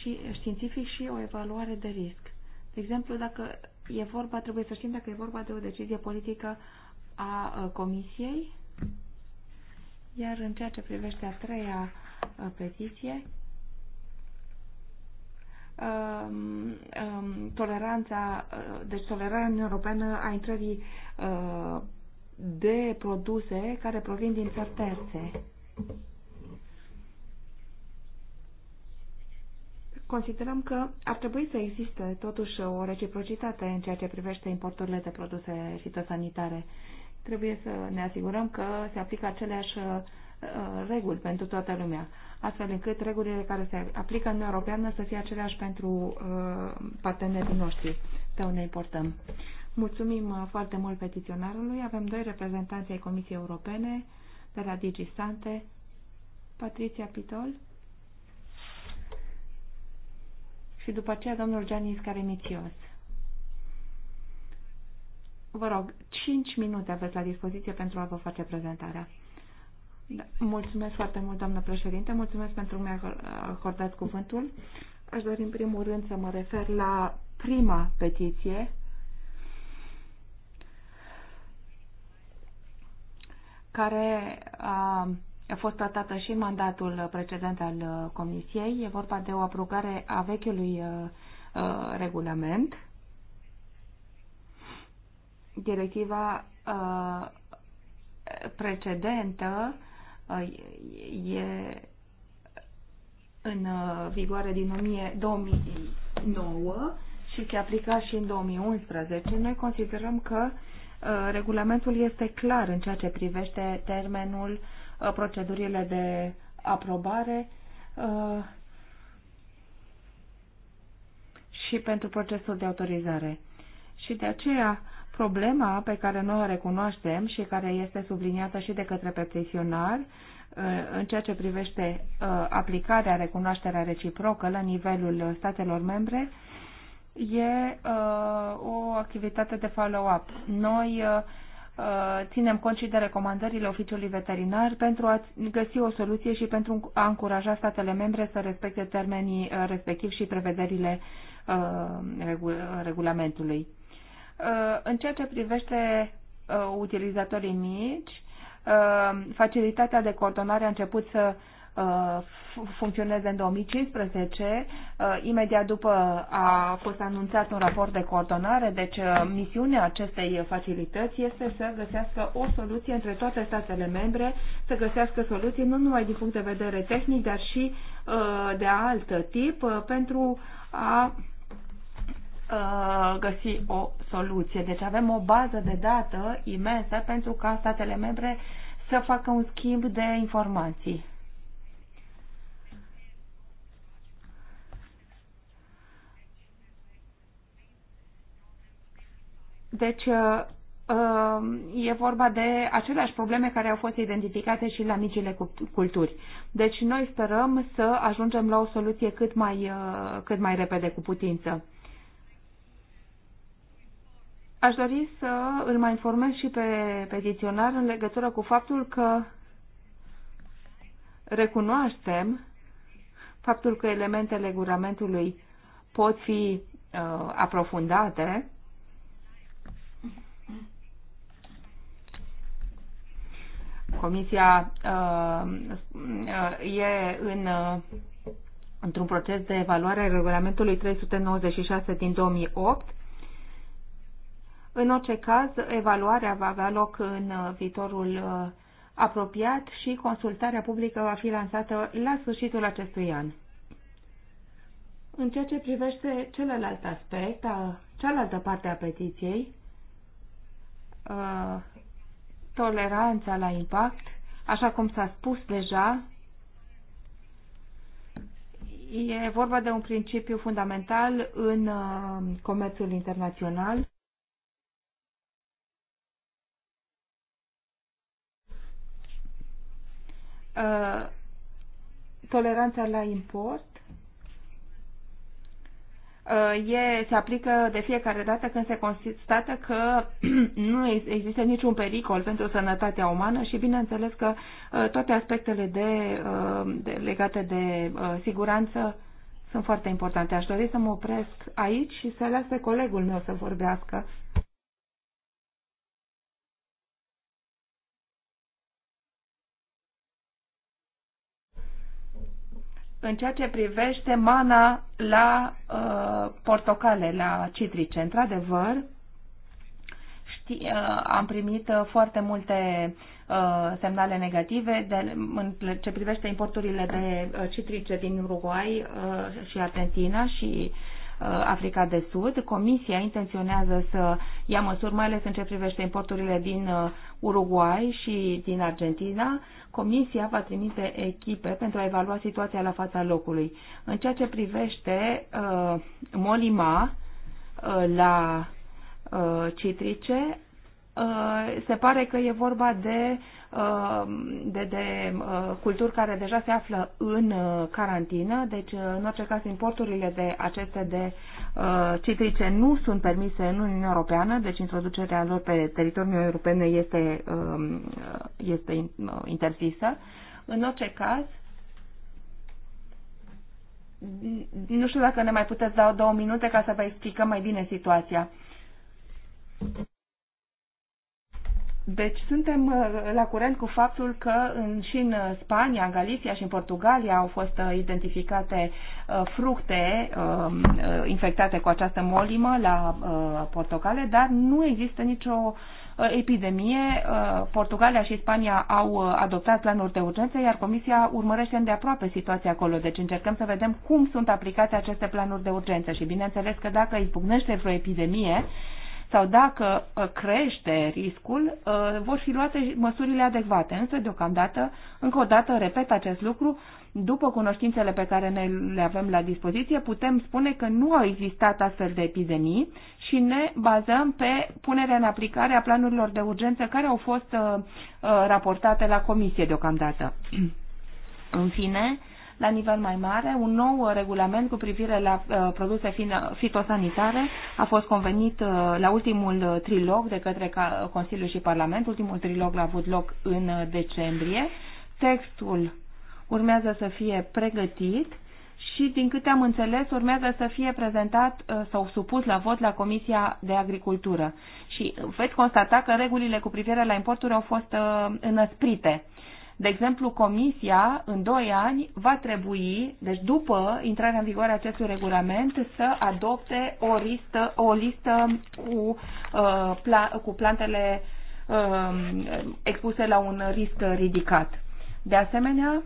și științific și o evaluare de risc. De exemplu, dacă e vorba, trebuie să știm dacă e vorba de o decizie politică a uh, Comisiei, iar în ceea ce privește a treia uh, petiție, um, um, toleranța, uh, deci tolerarea europeană a intrării uh, de produse care provin din țări terțe. Considerăm că ar trebui să existe totuși o reciprocitate în ceea ce privește importurile de produse fitosanitare. Trebuie să ne asigurăm că se aplică aceleași uh, reguli pentru toată lumea astfel încât regulile care se aplică în Europeană să fie aceleași pentru uh, partenerii noștri pe unde importăm. Mulțumim uh, foarte mult petiționarului. Avem doi reprezentanți ai Comisiei Europene de la DigiSante, Patricia Pitol și după aceea domnul Gianni Scaremicios. Vă rog, 5 minute aveți la dispoziție pentru a vă face prezentarea. Mulțumesc foarte mult, doamnă președinte. Mulțumesc pentru că mi-a acordat cuvântul. Aș dori în primul rând să mă refer la prima petiție care a a fost tratată și în mandatul precedent al Comisiei. E vorba de o aprobare a vechiului a, regulament, directiva a, precedentă Uh, e în uh, vigoare din 2009 și se aplica și în 2011, noi considerăm că uh, regulamentul este clar în ceea ce privește termenul, procedurile de aprobare și pentru procesul de autorizare. Și de aceea Problema pe care noi o recunoaștem și care este subliniată și de către petiționari uh, în ceea ce privește uh, aplicarea, recunoașterea reciprocă la nivelul statelor membre, e uh, o activitate de follow-up. Noi ținem cont și de recomandările oficiului veterinar pentru a găsi o soluție și pentru a încuraja statele membre să respecte termenii respectiv și prevederile regulamentului. Uh, în ceea ce privește uh, utilizatorii mici, uh, facilitatea de coordonare a început să funcționeze în 2015. Imediat după a fost anunțat un raport de coordonare, deci misiunea acestei facilități este să găsească o soluție între toate statele membre, să găsească soluții nu numai din punct de vedere tehnic, dar și de alt tip pentru a Uh, găsi o soluție. Deci avem o bază de dată imensă pentru ca statele membre să facă un schimb de informații. Deci uh, uh, e vorba de aceleași probleme care au fost identificate și la micile culturi. Deci noi sperăm să ajungem la o soluție cât mai, cât mai repede cu putință. Aș dori să îl mai informez și pe petiționar în legătură cu faptul că recunoaștem faptul că elementele regulamentului pot fi uh, aprofundate Comisia uh, e în, uh, într-un proces de evaluare a regulamentului 396 din 2008 în orice caz, evaluarea va avea loc în uh, viitorul uh, apropiat și consultarea publică va fi lansată la sfârșitul acestui an. În ceea ce privește celălalt aspect, a, uh, cealaltă parte a petiției, toleranța la impact, așa cum s-a spus deja, e vorba de un principiu fundamental în comerțul internațional. Uh, toleranța la import uh, e, se aplică de fiecare dată când se constată că nu există niciun pericol pentru sănătatea umană și bineînțeles că uh, toate aspectele de, de, legate de siguranță sunt foarte importante. Aș dori să mă opresc aici și să las pe colegul meu să vorbească în ceea ce privește mana la uh, portocale, la citrice. Într-adevăr, uh, am primit uh, foarte multe uh, semnale negative de, în ce privește importurile de uh, citrice din Uruguay uh, și Argentina și uh, Uh, Africa de Sud. Comisia intenționează să ia măsuri, mai ales în ce privește importurile din uh, Uruguay și din Argentina. Comisia va trimite echipe pentru a evalua situația la fața locului. În ceea ce privește uh, Molima uh, la uh, citrice, uh, se pare că e vorba de Um, de, de uh, culturi care deja se află în uh, carantină, deci uh, în orice caz importurile de aceste de citrice nu sunt permise în Uniunea Europeană, deci introducerea lor pe teritoriul european este, um, este interzisă. În orice caz, nu știu dacă ne mai puteți da două minute ca să vă explicăm mai bine situația. Deci suntem uh, la curent cu faptul că în, și în uh, Spania, în Galicia și în Portugalia au fost uh, identificate fructe um, infectate cu această molimă la portocale, dar nu există nicio epidemie. Portugalia și Spania au adoptat planuri de urgență, iar Comisia urmărește îndeaproape situația acolo. Deci încercăm să vedem cum sunt aplicate aceste planuri de urgență și bineînțeles că dacă izbucnește vreo epidemie, sau dacă uh, crește riscul, uh, vor fi luate măsurile adecvate. Însă, deocamdată, încă o dată, repet acest lucru, după cunoștințele pe care ne le avem la dispoziție, putem spune că nu au existat astfel de epidemii și ne bazăm pe punerea în aplicare a planurilor de urgență care au fost uh, raportate la comisie deocamdată. În fine, la nivel mai mare. Un nou uh, regulament cu privire la uh, produse uh, fitosanitare a fost convenit la ultimul trilog de către Consiliul și Parlament. Ultimul trilog a avut loc în decembrie. Textul urmează să fie pregătit și, din câte am înțeles, urmează să fie prezentat sau supus la vot la Comisia de Agricultură. Și veți constata că regulile cu privire la importuri au fost înăsprite. De exemplu, Comisia, în 2 ani, va trebui, deci după intrarea în vigoare a acestui regulament, să adopte o listă, o listă cu, uh, pla, cu plantele uh, expuse la un risc ridicat. De asemenea,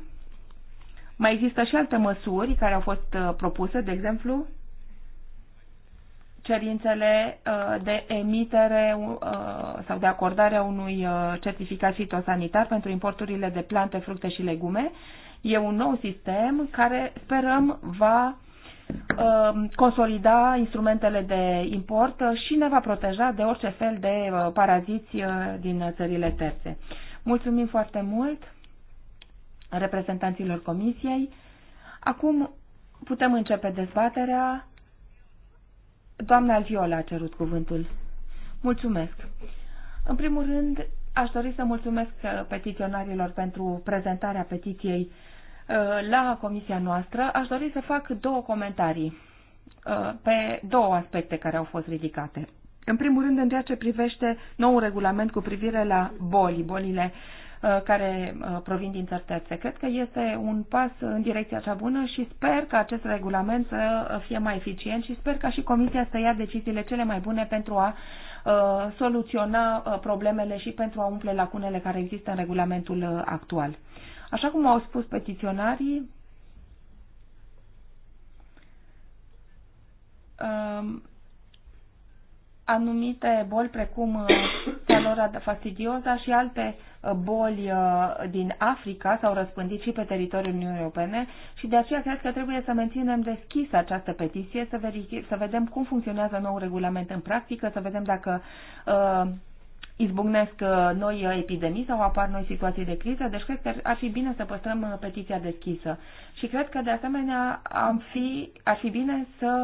mai există și alte măsuri care au fost uh, propuse, de exemplu, cerințele uh, de emitere uh, sau de acordare a unui uh, certificat fitosanitar pentru importurile de plante, fructe și legume. E un nou sistem care sperăm va consolida instrumentele de import și ne va proteja de orice fel de paraziți din țările terțe. Mulțumim foarte mult reprezentanților Comisiei. Acum putem începe dezbaterea Doamna Viola a cerut cuvântul. Mulțumesc. În primul rând, aș dori să mulțumesc uh, petiționarilor pentru prezentarea petiției uh, la comisia noastră. Aș dori să fac două comentarii uh, pe două aspecte care au fost ridicate. În primul rând, în ceea ce privește nou regulament cu privire la boli, bolile uh, Uh, care uh, provin din țări terțe. Cred că este un pas în direcția cea bună și sper că acest regulament să fie mai eficient și sper ca și Comisia să ia deciziile cele mai bune pentru a uh, soluționa problemele și pentru a umple lacunele care există în regulamentul actual. Așa cum au spus petiționarii, um, anumite boli precum lor fastidioasă și alte uh, boli uh, din Africa s-au răspândit și pe teritoriul Uniunii Europene și de aceea cred că trebuie să menținem deschisă această petiție, să, verific, să vedem cum funcționează nou regulament în practică, să vedem dacă uh, izbucnesc uh, noi uh, epidemii sau apar noi situații de criză, deci cred că ar fi bine să păstrăm uh, petiția deschisă. Și cred că, de asemenea, am fi, ar fi bine să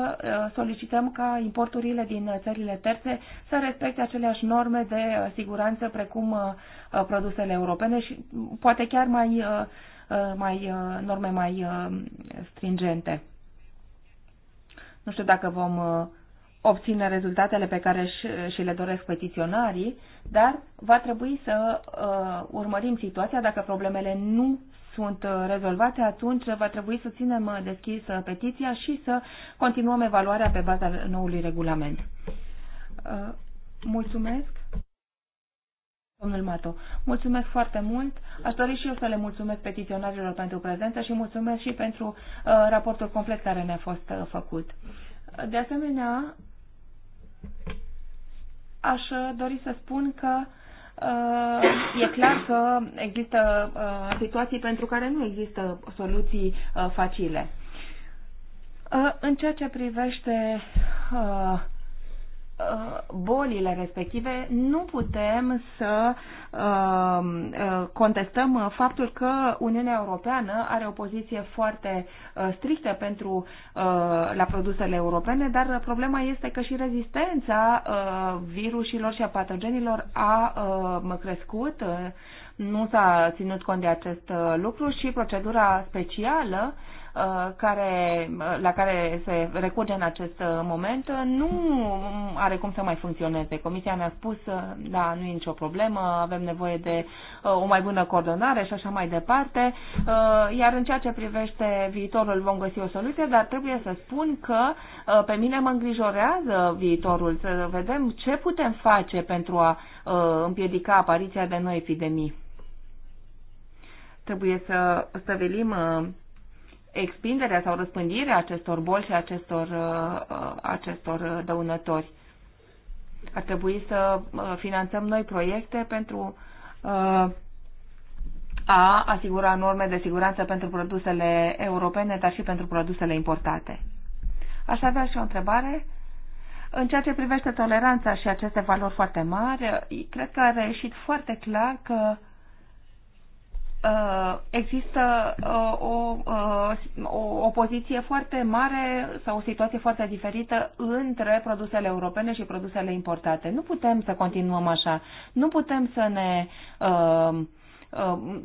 solicităm ca importurile din țările terțe să respecte aceleași norme de siguranță precum produsele europene și mm, poate chiar mai, mai norme mai stringente. Nu știu dacă vom obține rezultatele pe care și le doresc petiționarii, dar va trebui să uh, urmărim situația. Dacă problemele nu sunt uh, rezolvate, atunci va trebui să ținem uh, deschisă uh, petiția și să continuăm evaluarea pe baza noului regulament. Uh, mulțumesc. Domnul Mato, mulțumesc foarte mult. Aș dori și eu să le mulțumesc petiționarilor pentru prezență și mulțumesc și pentru uh, raportul complet care ne-a fost uh, făcut. De asemenea, aș uh, dori să spun că uh, e clar că există uh, situații pentru care nu există soluții facile. În ceea ce privește Uh, bolile respective, nu putem să uh, uh, contestăm faptul că Uniunea Europeană are o poziție foarte strictă pentru la produsele europene, dar problema este că și rezistența virusilor și a patogenilor a crescut nu s-a ținut cont de acest uh, lucru și procedura specială uh, care, uh, la care se recurge în acest moment nu are cum să mai funcționeze. Comisia mi-a spus, da, nu e nicio problemă, avem nevoie de o mai bună coordonare și așa mai departe, iar în ceea ce privește viitorul vom găsi o soluție, dar trebuie să spun că pe mine mă îngrijorează viitorul, să vedem ce putem face pentru a împiedica apariția de noi epidemii. Trebuie să stăvilim uh, expinderea sau răspândirea acestor boli și acestor, uh, uh, acestor dăunători. Ar trebui să finanțăm noi proiecte pentru a asigura norme de siguranță pentru produsele europene, dar și pentru produsele importate. Aș avea și o întrebare. În ceea ce privește toleranța și aceste valori foarte mari, cred că a reieșit foarte clar că Uh, există uh, o, uh, o, o poziție foarte mare sau o situație foarte diferită între produsele europene și produsele importate. Nu putem să continuăm așa. Nu putem să ne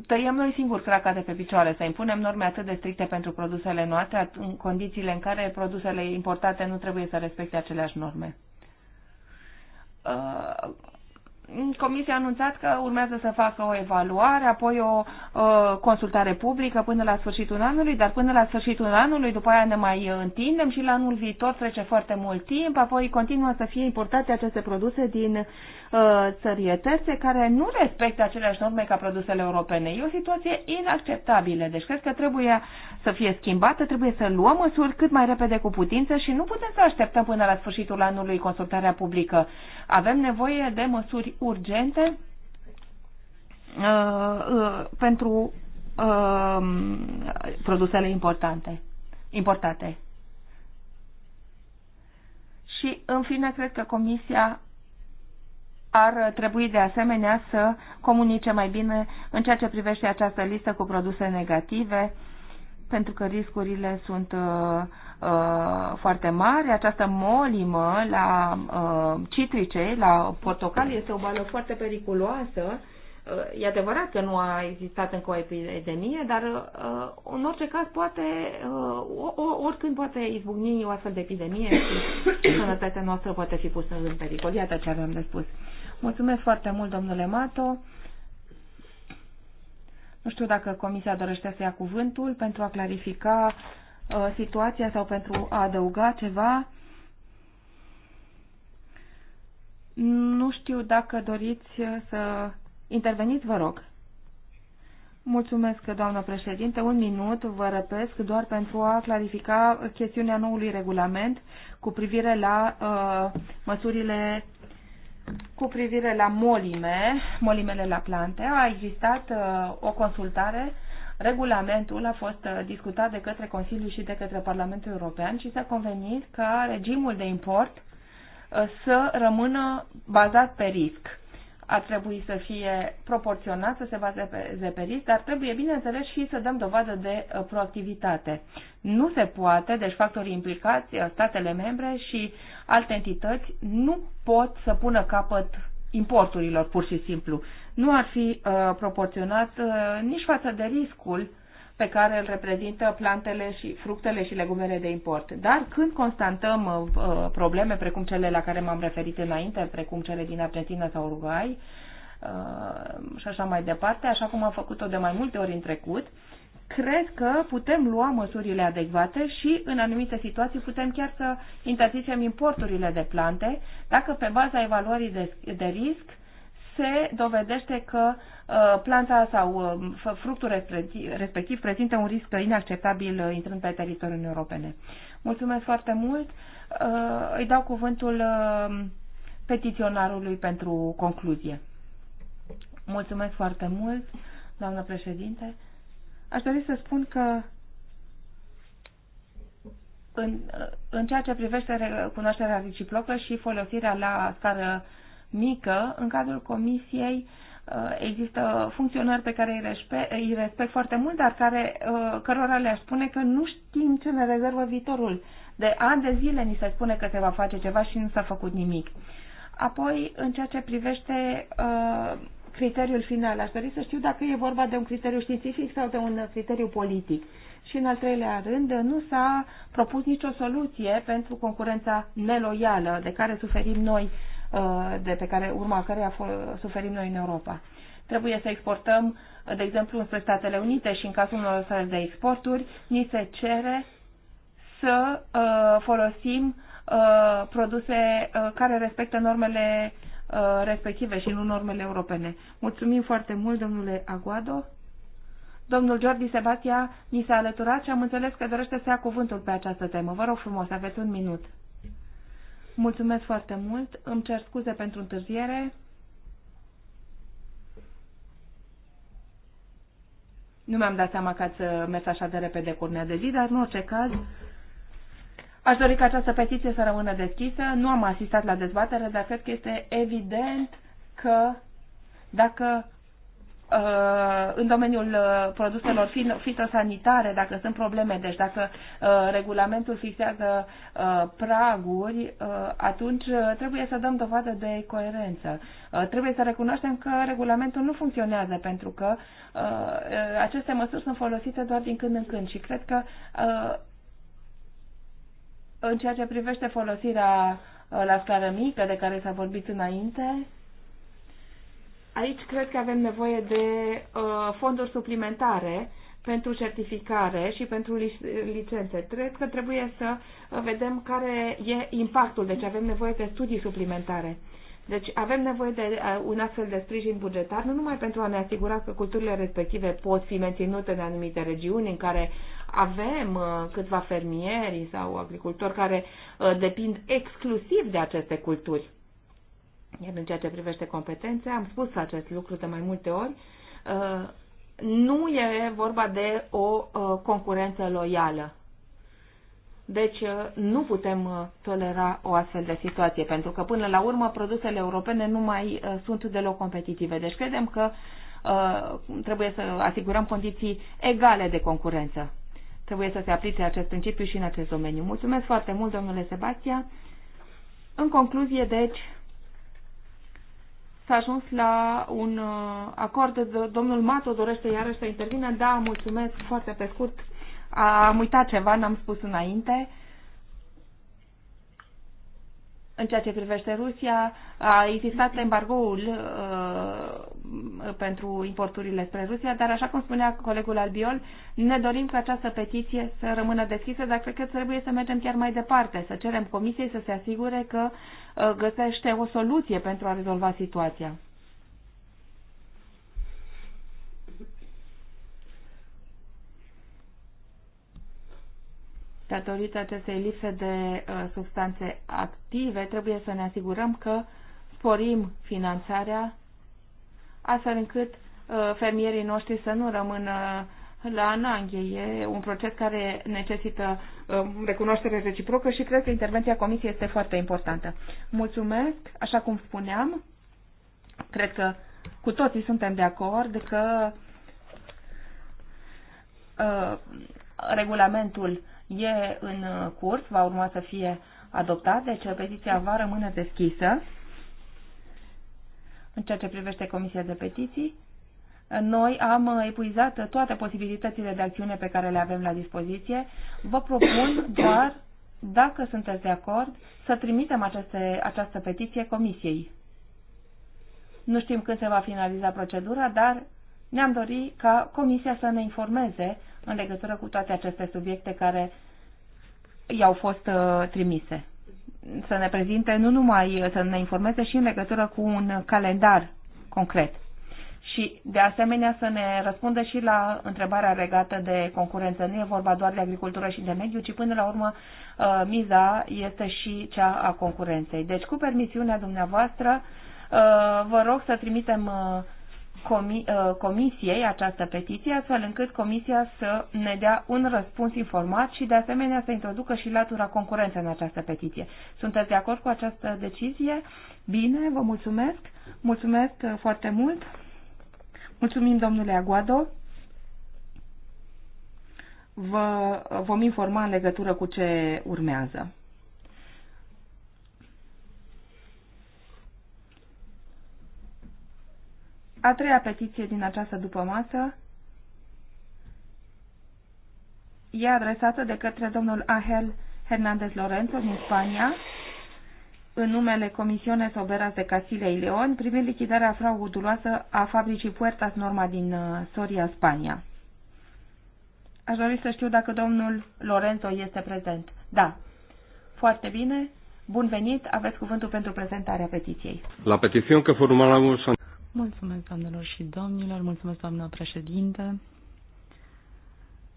tăiem noi singuri craca de pe picioare, să impunem norme atât de stricte pentru produsele noastre, în condițiile în care produsele importate nu trebuie să respecte aceleași norme. Comisia a anunțat că urmează să facă o evaluare, apoi o uh, consultare publică până la sfârșitul anului, dar până la sfârșitul anului, după aia ne mai întindem și la anul viitor trece foarte mult timp, apoi continuă să fie importate aceste produse din Uh, țării terțe care nu respectă aceleași norme ca produsele europene. E o situație inacceptabilă, deci cred că trebuie să fie schimbată, trebuie să luăm măsuri cât mai repede cu putință și nu putem să așteptăm până la sfârșitul anului consultarea publică. Avem nevoie de măsuri urgente uh, uh, pentru uh, produsele importante, importate. Și, în fine, cred că Comisia ar trebui de asemenea să comunice mai bine în ceea ce privește această listă cu produse negative, pentru că riscurile sunt uh, uh, foarte mari. Această molimă la uh, citrice, la portocale, este o boală foarte periculoasă. Uh, e adevărat că nu a existat încă o epidemie, dar uh, în orice caz poate, uh, o, oricând poate izbucni o astfel de epidemie și sănătatea noastră poate fi pusă în pericol. Iată ce aveam de spus. Mulțumesc foarte mult, domnule Mato. Nu știu dacă Comisia dorește să ia cuvântul pentru a clarifica uh, situația sau pentru a adăuga ceva. Nu știu dacă doriți să interveniți, vă rog. Mulțumesc, doamnă președinte. Un minut vă răpesc doar pentru a clarifica chestiunea noului regulament cu privire la uh, măsurile cu privire la molime, molimele la plante, a existat uh, o consultare. Regulamentul a fost uh, discutat de către Consiliu și de către Parlamentul European și s-a convenit ca regimul de import uh, să rămână bazat pe risc ar trebui să fie proporționat, să se bazeze pe risc, dar trebuie, bineînțeles, și să dăm dovadă de uh, proactivitate. Nu se poate, deci factorii implicați, uh, statele membre și alte entități nu pot să pună capăt importurilor, pur și simplu. Nu ar fi uh, proporționat uh, nici față de riscul pe care îl reprezintă plantele și fructele și legumele de import. Dar când constatăm uh, uh, probleme precum cele la care m-am referit înainte, precum cele din Argentina sau Uruguay uh, și așa mai departe, așa cum am făcut-o de mai multe ori în trecut, cred că putem lua măsurile adecvate și în anumite situații putem chiar să interzicem importurile de plante dacă pe baza evaluării de, de risc se dovedește că uh, planta sau uh, fructul respectiv prezintă un risc inacceptabil uh, intrând pe teritoriul europene. Mulțumesc foarte mult. Îi dau cuvântul petiționarului pentru concluzie. Mulțumesc foarte mult, doamnă președinte. Aș dori să spun că în, în ceea ce privește cunoașterea reciprocă și folosirea la scară mică, în cadrul comisiei uh, există funcționari pe care îi respect, îi respect foarte mult, dar care, uh, cărora le-aș spune că nu știm ce ne rezervă viitorul. De ani de zile ni se spune că se va face ceva și nu s-a făcut nimic. Apoi, în ceea ce privește uh, criteriul final, aș dori să știu dacă e vorba de un criteriu științific sau de un criteriu politic. Și în al treilea rând, nu s-a propus nicio soluție pentru concurența neloială de care suferim noi Uh, de pe care urma căreia suferim noi în Europa. Trebuie să exportăm, de exemplu, spre Statele Unite și în cazul unor astfel de exporturi, ni se cere să uh, folosim uh, produse care respectă normele respective și nu normele europene. Mulțumim foarte mult, domnule Aguado. Domnul Jordi Sebastia ni s-a alăturat și am înțeles că dorește să ia cuvântul pe această temă. Vă rog frumos, aveți un minut. Mulțumesc foarte mult. Îmi cer scuze pentru întârziere. Nu mi-am dat seama că ați uh, mers așa de repede urmea de zi, dar în orice caz aș dori ca această petiție să rămână deschisă. Nu am asistat la dezbatere, dar cred că este evident că dacă Uh, în domeniul uh, produselor fitosanitare, dacă sunt probleme, deci dacă uh, regulamentul fixează praguri, atunci trebuie să dăm dovadă de coerență. Trebuie să recunoaștem că regulamentul nu funcționează pentru că aceste măsuri sunt folosite doar din când în când și cred că în ceea ce privește folosirea la scară mică de care s-a vorbit înainte, Aici cred că avem nevoie de uh, fonduri suplimentare pentru certificare și pentru licențe. Cred că trebuie să uh, vedem care e impactul, deci avem nevoie de studii suplimentare. Deci avem nevoie de uh, un astfel de sprijin bugetar, nu numai pentru a ne asigura că culturile respective pot fi menținute în anumite regiuni în care avem uh, câțiva fermieri sau agricultori care depind exclusiv de aceste culturi. Iar în ceea ce privește competențe, am spus acest lucru de mai multe ori, uh, nu e vorba de o uh, concurență loială. Deci uh, nu putem tolera o astfel de situație, pentru că până la urmă produsele europene nu mai sunt deloc competitive. Deci credem că trebuie să asigurăm condiții egale de concurență. Trebuie să se aplice acest principiu și în acest domeniu. Mulțumesc foarte mult, domnule Sebastian. În concluzie, deci, s-a ajuns la un uh, acord. Domnul Mato dorește iarăși să intervină. Da, mulțumesc foarte pe scurt. Am uitat ceva, n-am spus înainte. În ceea ce privește Rusia, a existat embargoul uh, pentru importurile spre Rusia, dar așa cum spunea colegul Albiol, ne dorim ca această petiție să rămână deschisă, dar cred că trebuie să mergem chiar mai departe, să cerem Comisiei să se asigure că uh, găsește o soluție pentru a rezolva situația. Datorită acestei lipse de uh, substanțe active, trebuie să ne asigurăm că sporim finanțarea astfel încât uh, fermierii noștri să nu rămână la ananghe. E un proces care necesită uh, recunoaștere reciprocă și cred că intervenția Comisiei este foarte importantă. Mulțumesc, așa cum spuneam, cred că cu toții suntem de acord că regulamentul e în uh, curs, va urma să fie adoptat, deci uh, petiția va rămâne deschisă în ceea ce privește Comisia de Petiții. Uh, noi am epuizat toate posibilitățile de acțiune pe care le avem la dispoziție. Vă propun doar, dacă sunteți de acord, să trimitem aceste, această petiție Comisiei. Nu știm când se va finaliza procedura, dar ne-am dorit ca Comisia să ne informeze în legătură cu toate aceste subiecte care i-au fost uh, trimise. Să ne prezinte nu numai, uh, să ne informeze și în legătură cu un calendar concret. Și, de asemenea, să ne răspundă și la întrebarea legată de concurență. Nu e vorba doar de agricultură și de mediu, ci, până la urmă, uh, miza este și cea a concurenței. Deci, cu permisiunea dumneavoastră, vă rog să trimitem comi uh, Comisiei această petiție, astfel încât Comisia să ne dea un răspuns informat și, de asemenea, să introducă și latura concurenței în această petiție. Sunteți de acord cu această decizie? Bine, vă mulțumesc. Mulțumesc uh, foarte mult. Mulțumim, domnule Aguado. Vă uh, vom informa în legătură cu ce urmează. a treia petiție din această dupămasă e adresată de către domnul Ahel Hernández Lorenzo din Spania, în numele Comisione Soberas de Castile y León, privind lichidarea frauduloasă a fabricii Puertas Norma din uh, Soria, Spania. Aș dori să știu dacă domnul Lorenzo este prezent. Da. Foarte bine. Bun venit. Aveți cuvântul pentru prezentarea petiției. La petiție că formulamos Mulțumesc, doamnelor și domnilor, mulțumesc, doamna președinte.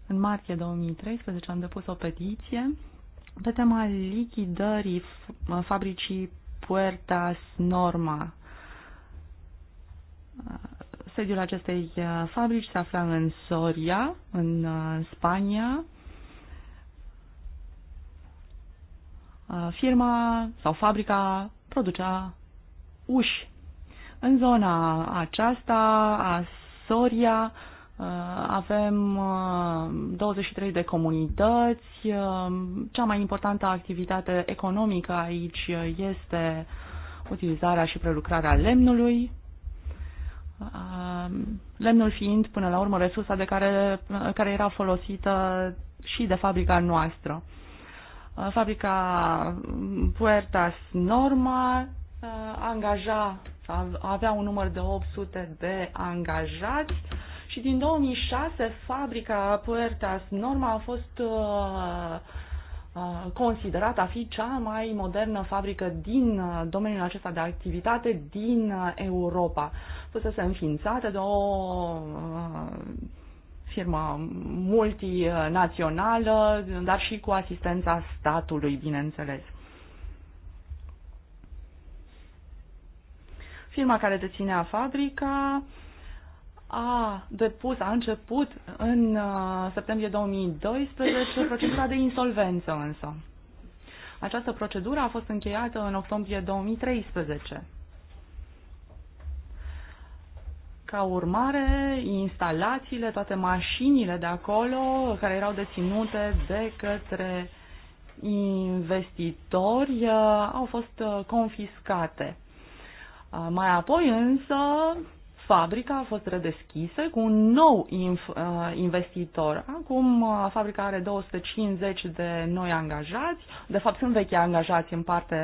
În martie 2013 am depus o petiție pe tema lichidării fabricii Puertas Norma. Sediul acestei fabrici se afla în Soria, în uh, Spania. Uh, firma sau fabrica producea uși în zona aceasta, a Soria, uh, avem 23 uh, de comunități. Uh, cea mai importantă activitate economică aici este utilizarea și prelucrarea lemnului. Lemnul fiind, până la urmă, resursa de care, care era folosită și de fabrica noastră. Fabrica Puertas Norma Uh, angaja, avea un număr de 800 de angajați și din 2006 fabrica Puertas Norma a fost uh, uh, considerată a fi cea mai modernă fabrică din domeniul acesta de activitate din Europa. Fusese înființată de o firmă multinațională, dar și cu asistența statului, bineînțeles. firma care deținea fabrica a depus, a început în uh, septembrie 2012 procedura de insolvență însă. Această procedură a fost încheiată în octombrie 2013. Ca urmare, instalațiile, toate mașinile de acolo, care erau deținute de către investitori, uh, au fost uh, confiscate. Mai apoi însă fabrica a fost redeschisă cu un nou investitor. Acum fabrica are 250 de noi angajați, de fapt sunt vechi angajați în parte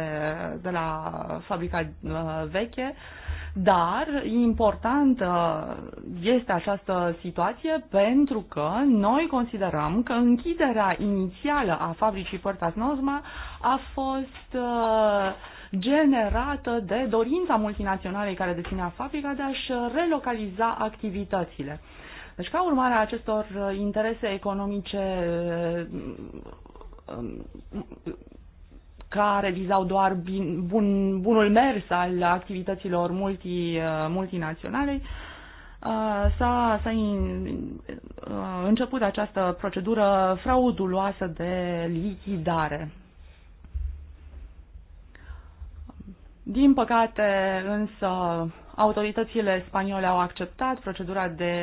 de la fabrica veche, dar importantă este această situație pentru că noi considerăm că închiderea inițială a fabricii Puertas Norma a fost uh, generată de dorința multinaționalei care deținea fabrica de a-și relocaliza activitățile. Deci, ca urmare a acestor uh, interese economice uh, um, care vizau doar bun, bunul mers al activităților multi, uh, multinaționale, s-a, s-a in, început această procedură frauduloasă de lichidare. Din păcate, însă, autoritățile spaniole au acceptat procedura de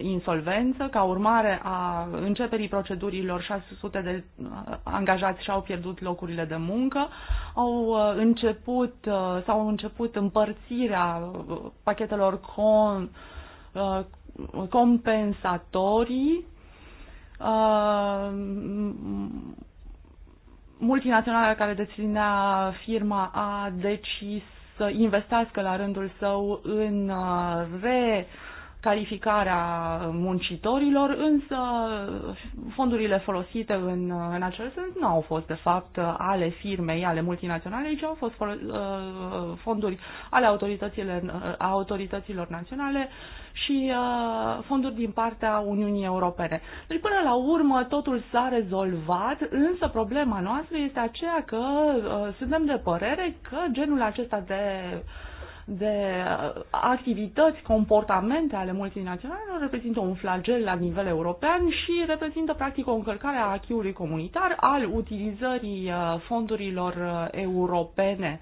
insolvență. Ca urmare a începerii procedurilor, 600 de uh, angajați și-au pierdut locurile de muncă. Au uh, început, uh, s-au început împărțirea pachetelor con, compensatorii multinațională care deținea firma a decis să investească la rândul său în uh, re calificarea muncitorilor, însă fondurile folosite în, în acel sens nu au fost, de fapt, ale firmei, ale multinaționale, ci au fost uh, fonduri ale uh, autorităților naționale și uh, fonduri din partea Uniunii Europene. Deci, până la urmă, totul s-a rezolvat, însă problema noastră este aceea că suntem de părere că genul acesta de de uh, activități, comportamente ale multinaționalelor reprezintă un flagel la nivel european și reprezintă practic o încălcare a acquis comunitar al utilizării uh, fondurilor uh, europene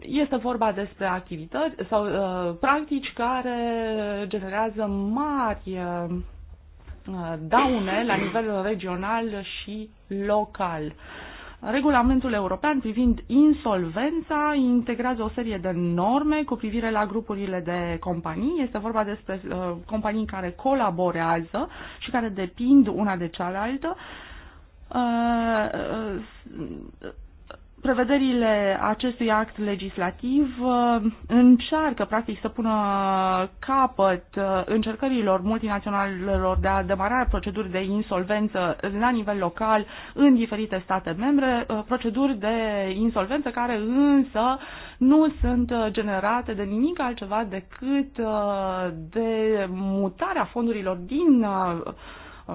este vorba despre activități sau practici care generează mari daune la nivel regional și local. Regulamentul european privind insolvența integrează o serie de norme cu privire la grupurile de companii. Este vorba despre uh, companii care colaborează și care depind una de cealaltă. Uh, uh, prevederile acestui act legislativ uh, încearcă, practic, să pună capăt uh, încercărilor multinaționalelor de a demara proceduri de insolvență la nivel local în diferite state membre, uh, proceduri de insolvență care însă nu sunt generate de nimic altceva decât de mutarea fondurilor din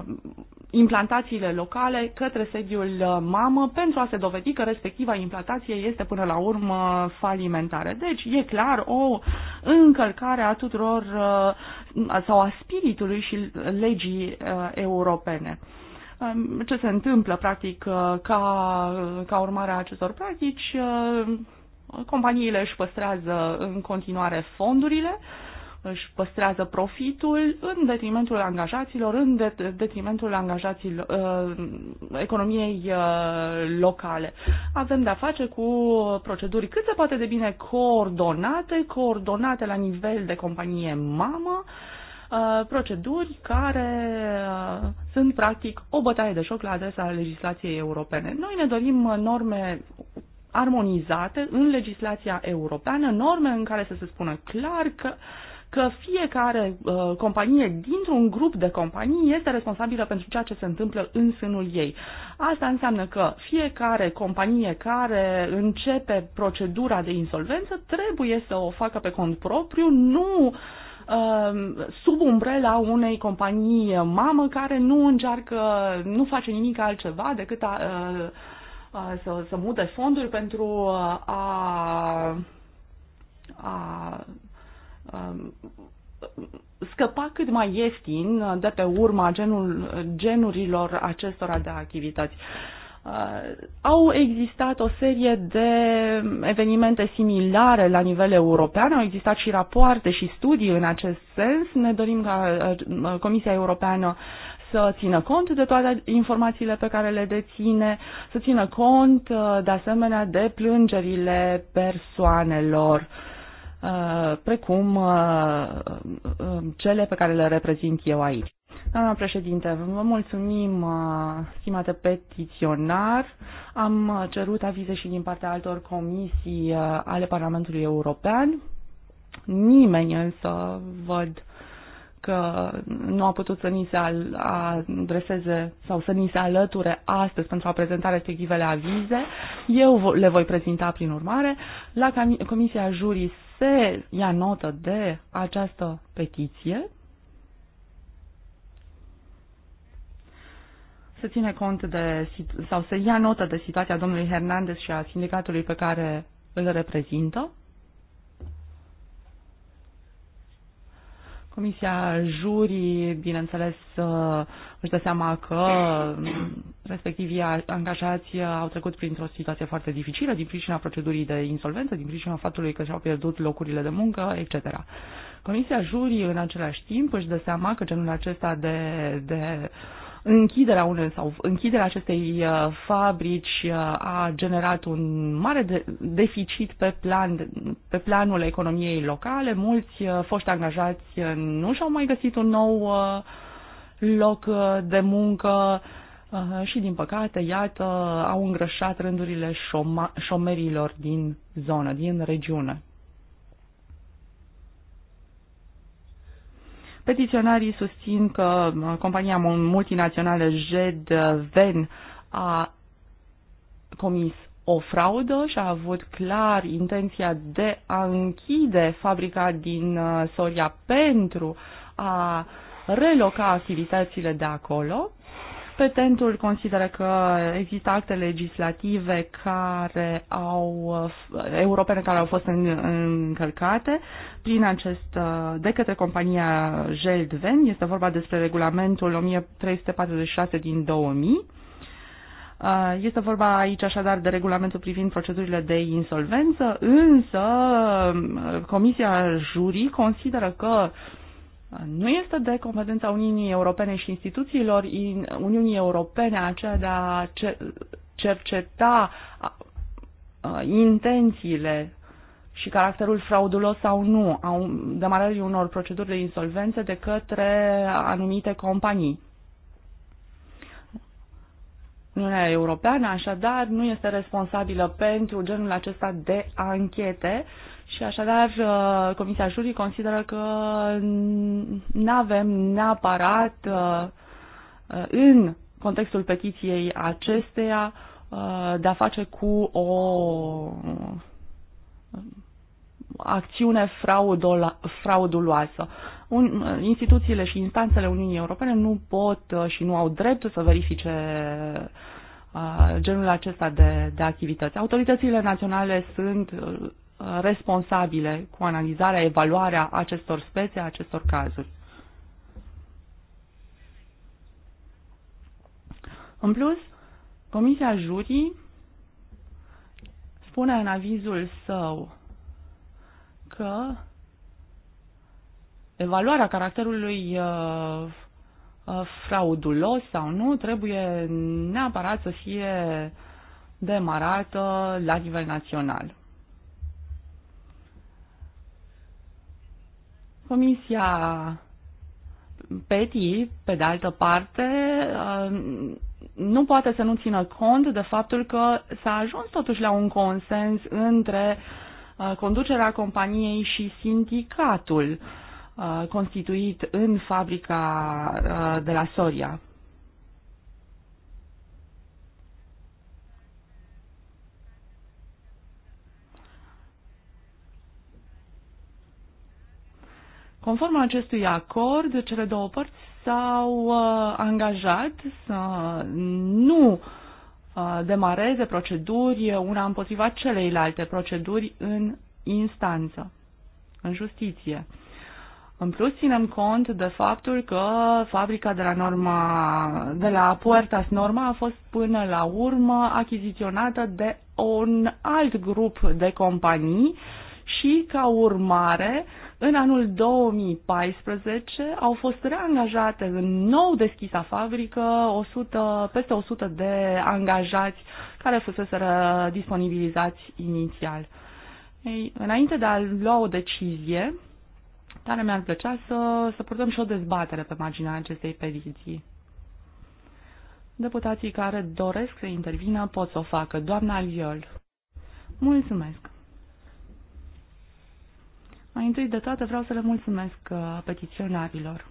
Um, implantațiile locale către sediul uh, mamă pentru a se dovedi că respectiva implantație este până la urmă falimentară. Deci e clar o încălcare a tuturor uh, sau a spiritului și legii uh, europene um, ce se întâmplă, practic, ca, ca urmare a acestor practici, companiile își păstrează în continuare fondurile, își păstrează profitul în detrimentul angajaților, în detrimentul angajaților uh, economiei uh, locale. Avem de-a face cu proceduri cât se poate de bine coordonate, coordonate la nivel de companie mamă, uh, proceduri care uh, sunt practic o bătaie de șoc la adresa legislației europene. Noi ne dorim norme armonizate în legislația europeană, norme în care să se spună clar că uh, că fiecare uh, companie dintr-un grup de companii este responsabilă pentru ceea ce se întâmplă în sânul ei. Asta înseamnă că fiecare companie care începe procedura de insolvență trebuie să o facă pe cont propriu, nu uh, sub umbrela unei companii mamă care nu încearcă, nu face nimic altceva decât a, uh, a, să, să mute fonduri pentru a, a Um, scăpa cât mai ieftin de pe urma genul, genurilor acestora de activități. Uh, au existat o serie de evenimente similare la nivel european, au existat și rapoarte și studii în acest sens. Ne dorim ca uh, Comisia Europeană să țină cont de toate informațiile pe care le deține, să țină cont uh, de asemenea de plângerile persoanelor uh, Uh, precum uh, uh, cele pe care le reprezint eu aici. Doamna președinte, vă mulțumim, stimate petiționar. Am cerut avize și din partea altor comisii ale Parlamentului European. Nimeni însă văd că nu a putut să ni se adreseze sau să ni se alăture astăzi pentru a prezenta respectivele avize. Eu le voi prezenta prin urmare. La Comisia Juris se ia notă de această petiție, se ține cont de, sau se ia notă de situația domnului Hernandez și a sindicatului pe care îl reprezintă, Comisia jurii, bineînțeles, uh, își dă seama că mm, respectivii angajați au trecut printr-o situație foarte dificilă din pricina procedurii de insolvență, din pricina faptului că și-au pierdut locurile de muncă, etc. Comisia jurii, în același timp, își dă seama că genul acesta de, de uh, închiderea unei sau închiderea acestei uh, fabrici uh, a generat un mare de- deficit pe, plan, pe planul economiei locale. Mulți uh, foști angajați nu și-au mai găsit un nou loc de muncă și, din păcate, iată, au îngrășat rândurile șoma- șomerilor din zonă, din regiune. Petiționarii susțin că uh, compania multinațională Jed uh, Ven a comis o fraudă și a avut clar intenția de a închide fabrica din uh, Soria pentru a reloca activitățile de acolo Petentul consideră că există acte legislative care au, europene care au fost încălcate prin acest, de către compania Geldven. Este vorba despre regulamentul 1346 din 2000. Uh, este vorba aici așadar de regulamentul privind procedurile de insolvență, însă uh, Comisia Jurii consideră că uh, nu este de competența Uniunii Europene și instituțiilor Uniunii Europene aceea de a cerceta intențiile și caracterul fraudulos sau nu a demarării unor proceduri de insolvență de către anumite companii. Uniunea Europeană, așadar, nu este responsabilă pentru genul acesta de anchete uh, și așadar, uh, Comisia Jurii consideră că nu avem neapărat uh, uh, în contextul petiției acesteia de a face cu o acțiune frauduloasă. Un, instituțiile și instanțele Uniunii Europene nu pot și nu au dreptul să verifice genul acesta de, de activități. Autoritățile naționale sunt responsabile cu analizarea, evaluarea acestor spețe, acestor cazuri. În plus, Comisia Jurii spune în avizul său că evaluarea caracterului uh, uh fraudulos sau nu trebuie neapărat să fie demarată la nivel național. Comisia PETI, pe de altă parte, uh, nu poate să nu țină cont de faptul că s-a ajuns totuși la un consens între uh, conducerea companiei și sindicatul uh, constituit în fabrica de la Soria. Conform acestui acord, cele două părți s-au uh, angajat să nu uh, demareze proceduri uh, una împotriva celeilalte proceduri în instanță, în justiție. În plus, ținem cont de faptul că fabrica de la, Norma, de la Puertas Norma a fost până la urmă achiziționată de un alt grup de companii și, ca urmare, uh, în anul 2014 au fost reangajate în nou deschisa fabrică 100, peste 100 de angajați care fusese disponibilizați inițial. Ei, înainte de a lua o decizie, tare mi-ar plăcea să, să purtăm și o dezbatere pe marginea acestei petiții. Deputații care doresc să intervină pot să o facă. Doamna Liol. Mulțumesc. Mai întâi de toate vreau să le mulțumesc uh, petiționarilor.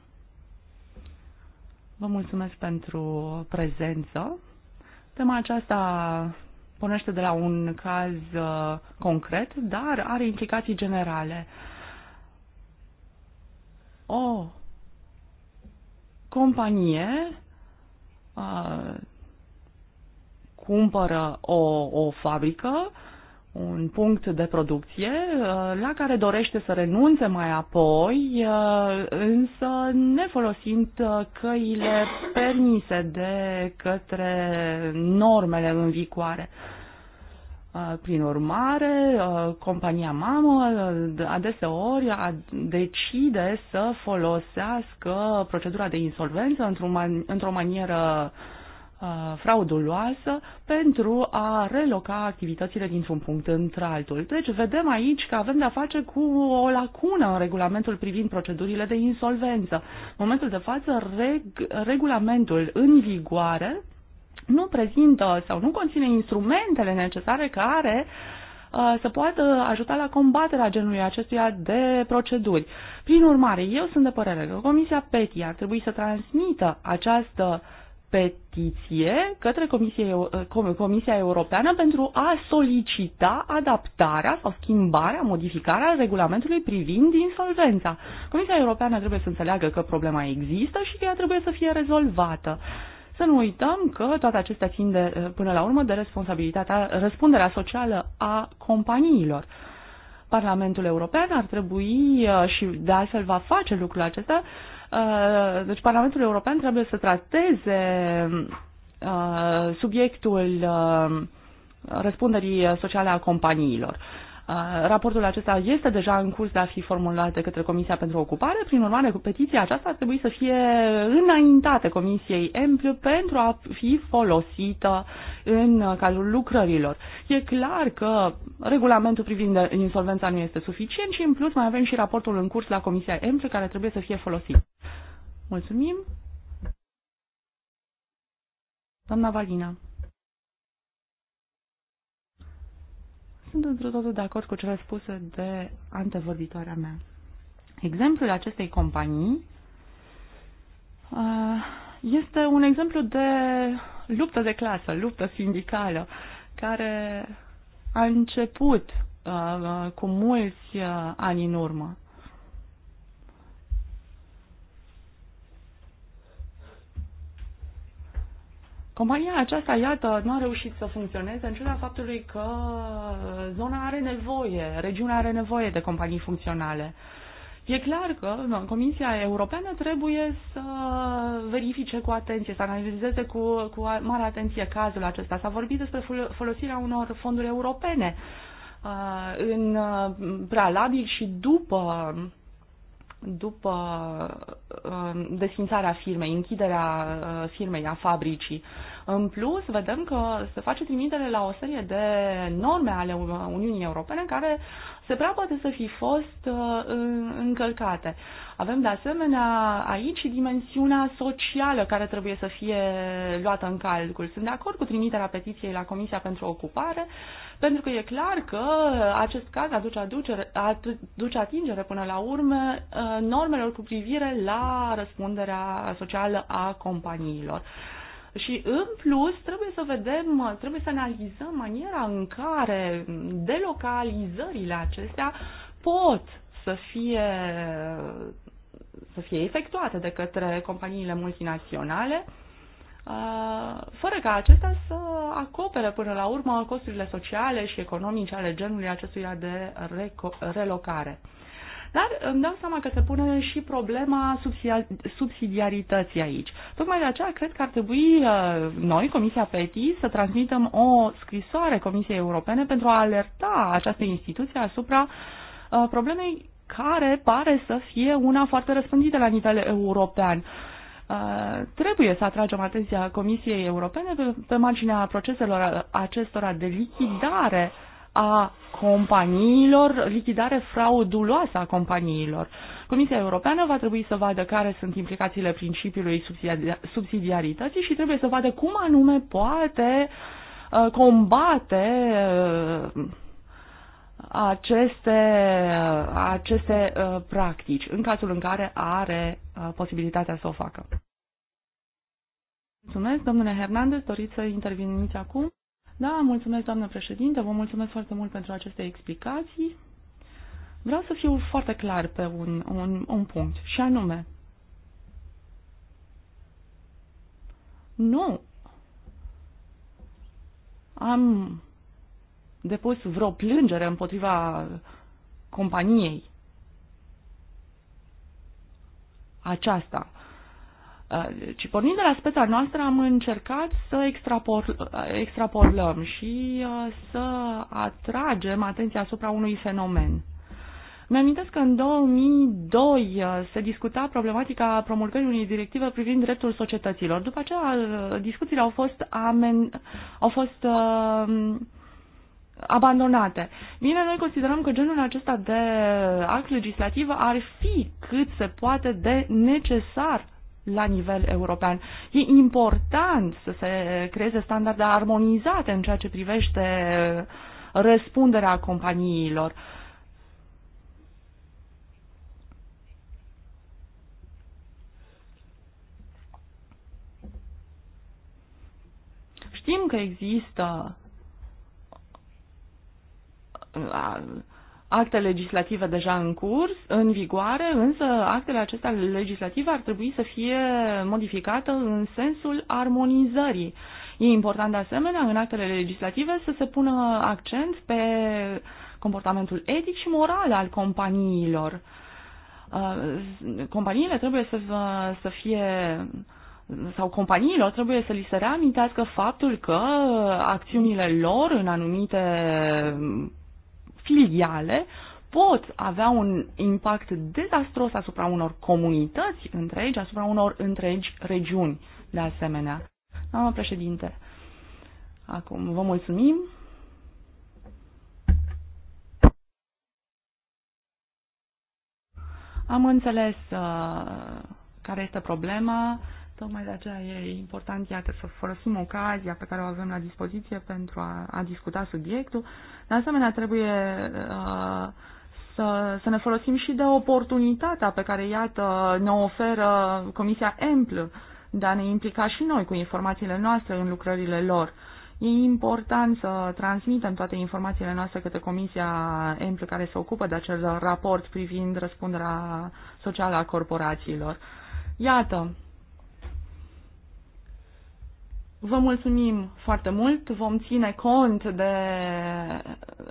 Vă mulțumesc pentru prezență. Tema aceasta pornește de la un caz uh, concret, dar are implicații generale. O companie uh, cumpără o, o fabrică uh, un punct de producție uh, la care dorește să renunțe mai apoi, uh, însă nefolosind uh, căile permise de către normele în vicoare. Prin urmare, compania mamă adeseori decide să folosească procedura de insolvență într-o, manieră Uh, frauduloasă pentru a reloca activitățile dintr-un punct într-altul. Deci vedem aici că avem de-a face cu o lacună în regulamentul privind procedurile de insolvență. În momentul de față, reg- regulamentul în vigoare nu prezintă sau nu conține instrumentele necesare care uh, să poată ajuta la combaterea genului acestuia de proceduri. Prin urmare, eu sunt de părere că Comisia PETI ar trebui să transmită această uh, petiție către Comisie, Comisia Europeană pentru a solicita adaptarea sau schimbarea, modificarea regulamentului privind insolvența. Comisia Europeană trebuie să înțeleagă că problema există și că ea trebuie să fie rezolvată. Să nu uităm că toate acestea țin de, până la urmă de responsabilitatea, răspunderea socială a companiilor. Parlamentul European ar trebui uh, și de altfel va face lucrul acesta Uh, deci Parlamentul European trebuie să trateze uh, subiectul uh, răspunderii sociale a companiilor. Raportul acesta este deja în curs de a fi formulat de către Comisia pentru Ocupare, prin urmare, petiția aceasta ar trebui să fie înaintată Comisiei Emplu pentru a fi folosită în cadrul lucrărilor. E clar că regulamentul privind insolvența nu este suficient și, în plus, mai avem și raportul în curs la Comisia Emplu care trebuie să fie folosit. Mulțumim! Doamna Valina. Sunt într totul de acord cu cele spuse de antevorbitoarea mea. Exemplul acestei companii uh, este un exemplu de luptă de clasă, luptă sindicală, care a început uh, cu mulți uh, ani în urmă. Compania aceasta, iată, nu a reușit să funcționeze în ciuda faptului că zona are nevoie, regiunea are nevoie de companii funcționale. E clar că Comisia Europeană trebuie să verifice cu atenție, să analizeze cu, cu mare atenție cazul acesta. S-a vorbit despre folosirea unor fonduri europene uh, în uh, prealabil și după după uh, desfințarea firmei, închiderea uh, firmei, a fabricii. În plus, vedem că se face trimitere la o serie de norme ale Uniunii Europene care se prea poate să fi fost uh, încălcate. Avem de asemenea aici dimensiunea socială care trebuie să fie luată în calcul. Sunt de acord cu trimiterea petiției la Comisia pentru Ocupare pentru că e clar că acest caz aduce, aducere, aduce atingere până la urmă uh, normelor cu privire la răspunderea socială a companiilor. Și în plus trebuie să vedem, trebuie să analizăm maniera în care delocalizările acestea pot să fie să fie efectuate de către companiile multinaționale uh, Uh, fără ca acesta să acopere până la urmă costurile sociale și economice ale genului acestuia de relocare. Dar îmi dau seama că se pune și problema subsidiarității aici. Tocmai de aceea cred că ar trebui uh, noi, Comisia PETI, să transmitem o scrisoare Comisiei Europene pentru a alerta această instituție asupra uh, problemei care pare să fie una foarte răspândită la nivel european. Uh, Uh, trebuie să atragem atenția Comisiei Europene pe, pe marginea proceselor acestora de lichidare a companiilor, lichidare frauduloasă a companiilor. Comisia Europeană va trebui să vadă care sunt implicațiile principiului subsidiarității și trebuie să vadă cum anume poate uh, combate uh, aceste, aceste uh, practici în cazul în care are uh, posibilitatea să o facă. Mulțumesc, domnule Hernandez, doriți să interveniți acum? Da, mulțumesc, doamnă președinte, vă mulțumesc foarte mult pentru aceste explicații. Vreau să fiu foarte clar pe un, un, un punct, și anume, nu am depus vreo plângere împotriva companiei aceasta. Uh, ci pornind de la speța noastră am încercat să extrapol, uh, extrapolăm și uh, să atragem atenția asupra unui fenomen. Mi-amintesc că în 2002 se discuta problematica promulgării unei directive privind dreptul societăților. După aceea, discuțiile au fost, amen, au fost uh, abandonate. Bine, noi considerăm că genul acesta de act legislativ ar fi cât se poate de necesar la nivel european. E important să se creeze standarde armonizate în ceea ce privește răspunderea companiilor. Știm că există acte legislative deja în curs, în vigoare, însă actele acestea legislative ar trebui să fie modificate în sensul armonizării. E important de asemenea în actele legislative să se pună accent pe comportamentul etic și moral al companiilor. Companiile trebuie să, să fie sau companiilor trebuie să li se reamintească faptul că acțiunile lor în anumite filiale pot avea un impact dezastros asupra unor comunități întregi, asupra unor întregi regiuni, de asemenea. Doamna președinte, acum vă mulțumim. Am înțeles uh, care este problema. Tocmai de aceea e important, iată, să folosim ocazia pe care o avem la dispoziție pentru a, a discuta subiectul. De asemenea, trebuie uh, să, să ne folosim și de oportunitatea pe care, iată, ne oferă Comisia EMPL de a ne implica și noi cu informațiile noastre în lucrările lor. E important să transmitem toate informațiile noastre către Comisia EMPL care se ocupă de acel raport privind răspunderea socială a corporațiilor. Iată, Vă mulțumim foarte mult. Vom ține cont de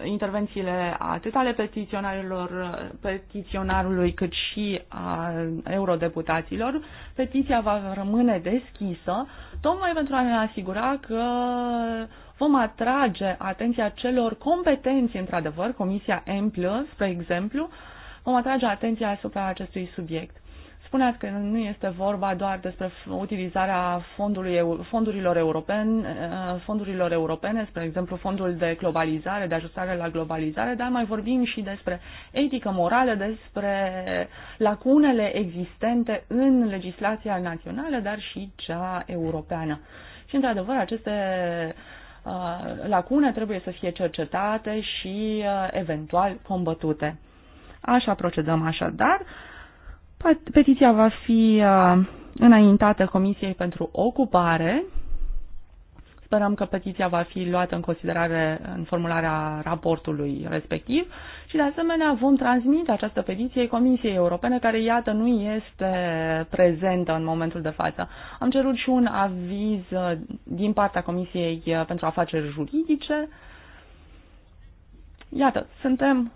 intervențiile atât ale petiționarilor, petiționarului cât și a eurodeputaților. Petiția va rămâne deschisă, tocmai pentru a ne asigura că vom atrage atenția celor competenți, într-adevăr, Comisia Emplă, spre exemplu, vom atrage atenția asupra acestui subiect spuneați că nu este vorba doar despre utilizarea fondului, fondurilor, europene, eh, fondurilor europene, spre exemplu fondul de globalizare, de ajustare la globalizare, dar mai vorbim și despre etică morală, despre lacunele existente în legislația națională, dar și cea europeană. Și, într-adevăr, aceste eh, lacune trebuie să fie cercetate și eh, eventual combătute. Așa procedăm așadar. Petiția va fi uh, înaintată Comisiei pentru Ocupare. Sperăm că petiția va fi luată în considerare în formularea raportului respectiv și, de asemenea, vom transmite această petiție Comisiei Europene, care, iată, nu este prezentă în momentul de față. Am cerut și un aviz uh, din partea Comisiei uh, pentru Afaceri Juridice. Iată, suntem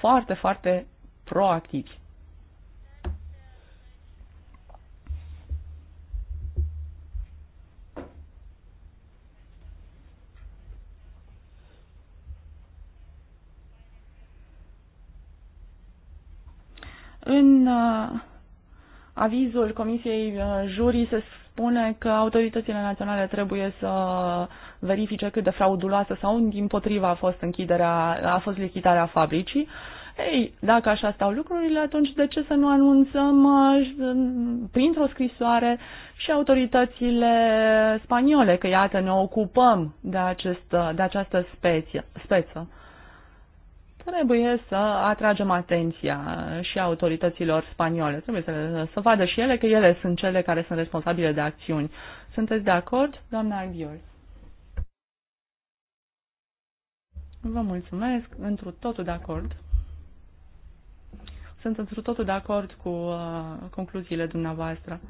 foarte, foarte proactivi. În uh, avizul Comisiei uh, Jurii se spune că autoritățile naționale trebuie să verifice cât de frauduloasă sau din potriva a fost închiderea, a fost lichidarea fabricii. Ei, dacă așa stau lucrurile, atunci de ce să nu anunțăm uh, printr-o scrisoare și autoritățile spaniole că iată ne ocupăm de, acest, de această specie, speță? trebuie să atragem atenția și autorităților spaniole. Trebuie să, să vadă și ele că ele sunt cele care sunt responsabile de acțiuni. Sunteți de acord, doamna Albiol? Vă mulțumesc, întru totul de acord. Sunt întru totul de acord cu uh, concluziile dumneavoastră.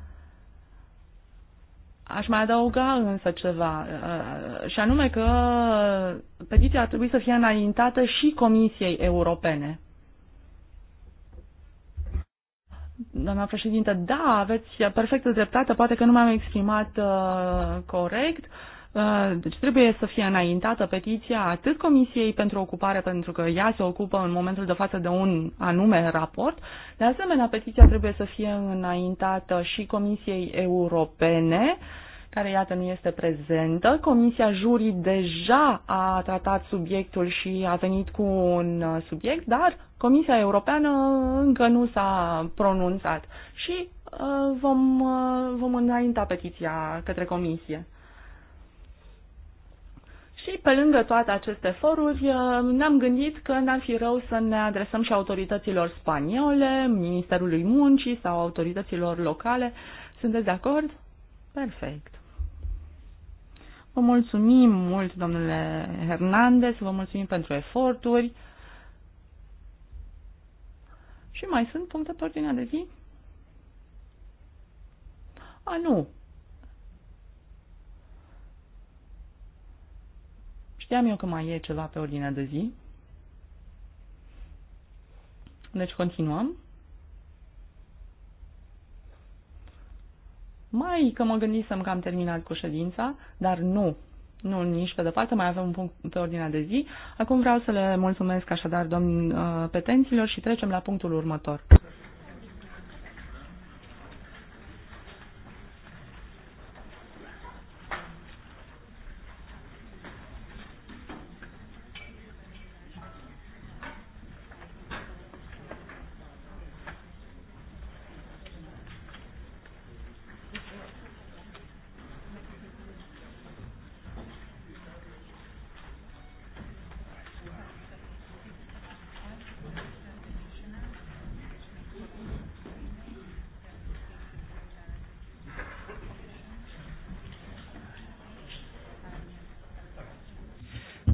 Aș mai adăuga însă ceva, uh, uh, și anume că petiția ar trebui să fie înaintată și Comisiei Europene. Doamna președinte, da, aveți perfectă dreptate, poate că nu m-am exprimat uh, corect. Uh, deci trebuie să fie înaintată petiția atât Comisiei pentru Ocupare, pentru că ea se ocupă în momentul de față de un anume raport. De asemenea, petiția trebuie să fie înaintată și Comisiei Europene, care iată nu este prezentă. Comisia Jurii deja a tratat subiectul și a venit cu un uh, subiect, dar Comisia Europeană încă nu s-a pronunțat și uh, vom, vom înainta petiția către Comisie. Și pe lângă toate aceste foruri, uh, ne-am gândit că n-ar fi rău să ne adresăm și autorităților spaniole, Ministerului Muncii sau autorităților locale. Sunteți de acord? Perfect. Vă mulțumim mult, domnule Hernandez, vă mulțumim pentru eforturi. Și mai sunt puncte pe ordinea de zi? A, nu. Știam eu că mai e ceva pe ordinea de zi. Deci continuăm. Mai că mă gândisem că am terminat cu ședința, dar nu, nu nici pe departe, mai avem un punct pe ordinea de zi. Acum vreau să le mulțumesc așadar domn uh, petenților și trecem la punctul următor.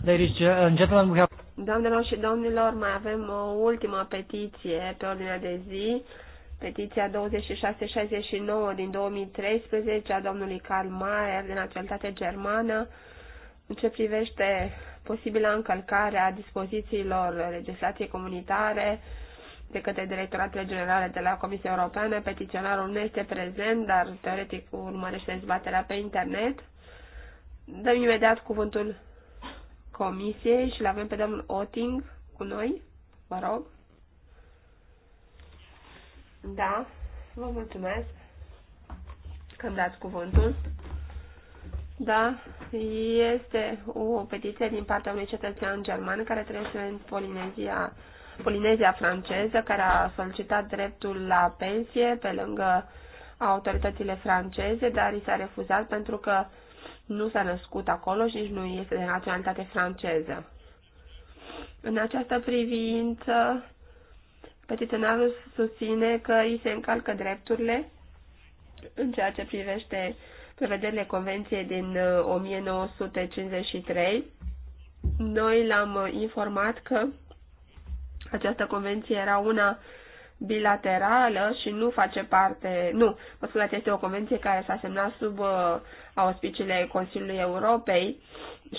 Uh, Doamnelor și domnilor, mai avem o ultimă petiție pe ordinea de zi, petiția 2669 din 2013 a domnului Karl Mayer din naționalitate germană, în ce privește posibilă încălcare a dispozițiilor legislației comunitare de către Directoratele Generale de la Comisia Europeană. Petiționarul nu este prezent, dar teoretic urmărește dezbaterea pe internet. Dăm imediat cuvântul Comisie și l-avem pe domnul Oting cu noi. Vă rog. Da, vă mulțumesc că îmi dați cuvântul. Da, este o petiție din partea unui cetățean german care trăiește în Polinezia, Polinezia franceză, care a solicitat dreptul la pensie pe lângă autoritățile franceze, dar i s-a refuzat pentru că uh, nu s-a născut acolo și nici nu este de naționalitate franceză. În această privință, petiționarul susține că îi se încalcă drepturile în ceea ce privește prevederile Convenției din 1953. Uh, Noi l-am uh, informat că această convenție era una bilaterală și nu face parte, nu, mă scuzați, este o convenție care s-a semnat sub uh, auspiciile Consiliului Europei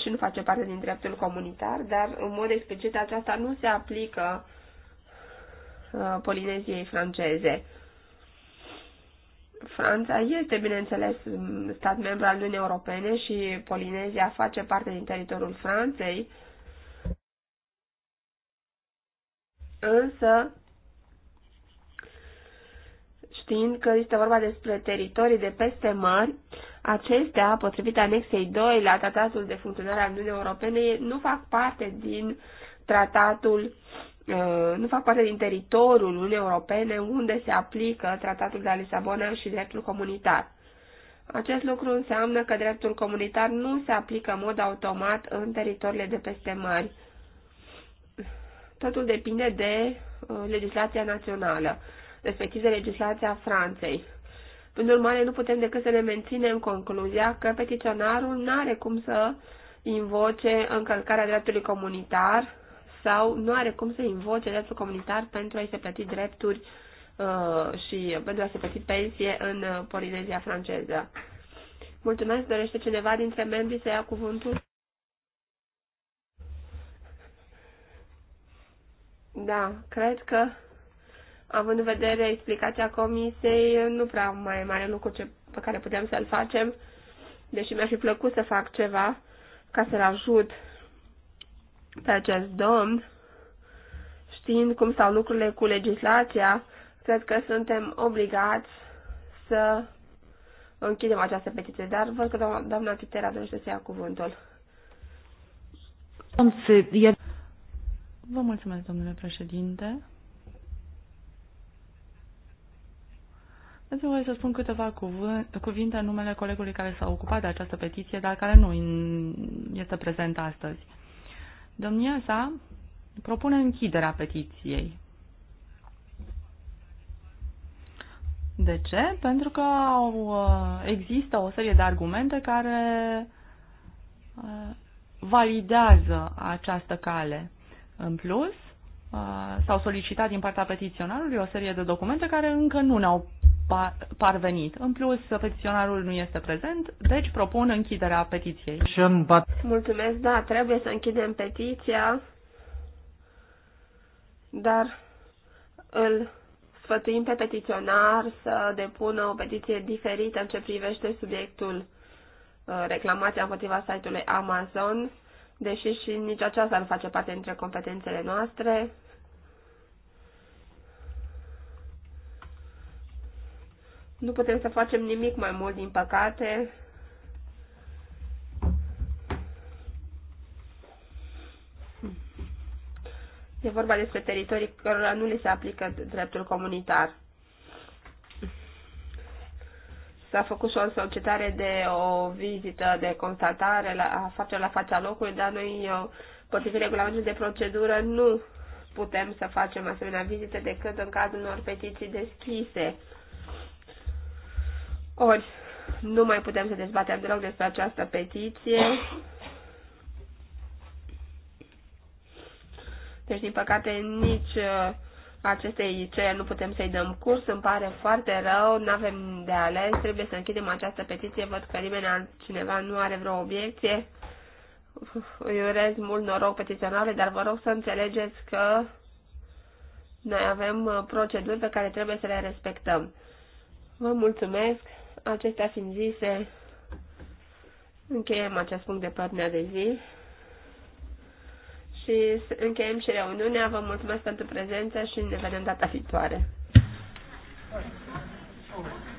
și nu face parte din dreptul comunitar, dar în mod explicit aceasta nu se aplică uh, Polineziei franceze. Franța este, bineînțeles, stat membru al Uniunii Europene și Polinezia face parte din teritoriul Franței, însă știind că este vorba despre teritorii de peste mări, acestea, potrivit anexei 2 la Tratatul de Funcționare al Uniunii Europene, nu fac parte din tratatul uh, nu fac parte din teritoriul Uniunii Europene unde se aplică tratatul de la Lisabona și dreptul comunitar. Acest lucru înseamnă că dreptul comunitar nu se aplică în mod automat în teritoriile de peste mări. Totul depinde de uh, legislația națională respectiv de legislația Franței. Prin urmare, nu putem decât să ne menținem concluzia că petiționarul nu are cum să invoce încălcarea dreptului comunitar sau nu are cum să invoce dreptul comunitar pentru a-i se plăti drepturi uh, și pentru a se plăti pensie în uh, Polinezia franceză. Mulțumesc, dorește cineva dintre membrii să ia cuvântul? Da, cred că având în vedere explicația comisiei, nu prea mai e mare lucru ce, pe care putem să-l facem, deși mi-ar fi plăcut să fac ceva ca să-l ajut pe acest domn, știind cum stau lucrurile cu legislația, cred că suntem obligați să închidem această petiție, dar văd că doamna, doamna Pitera dorește să ia cuvântul. Vă mulțumesc, domnule președinte. Îți voi să spun câteva cuvinte în numele colegului care s-a ocupat de această petiție, dar care nu este prezent astăzi. Domnia sa propune închiderea petiției. De ce? Pentru că au, uh, există o serie de argumente care uh, validează această cale. În plus, uh, s-au solicitat din partea petiționarului o serie de documente care încă nu ne-au parvenit. În plus, petiționarul nu este prezent, deci propun închiderea petiției. Mulțumesc, da, trebuie să închidem petiția, dar îl sfătuim pe petiționar să depună o petiție diferită în ce privește subiectul uh, reclamația împotriva site-ului Amazon, deși și nici aceasta nu face parte dintre competențele noastre, Nu putem să facem nimic mai mult, din păcate. E vorba despre teritorii cărora nu le se aplică dreptul comunitar. S-a făcut și o solicitare de o vizită de constatare la, a face la fața locului, dar noi, uh, potrivit regulamentului de procedură, nu putem să facem asemenea vizite decât în cazul unor petiții deschise. Ori, nu mai putem să dezbatem deloc despre această petiție. Deci, din păcate, nici uh, acestei cereri nu putem să-i dăm curs. Îmi pare foarte rău, nu avem de ales, trebuie să închidem această petiție. Văd că nimeni cineva nu are vreo obiecție. Îi urez mult noroc petiționare, dar vă rog să înțelegeți că noi avem uh, proceduri pe care trebuie să le respectăm. Vă mulțumesc! Acestea fiind zise, încheiem acest punct de partea de zi și încheiem și reuniunea. Vă mulțumesc pentru prezență și ne vedem data viitoare. Thank you.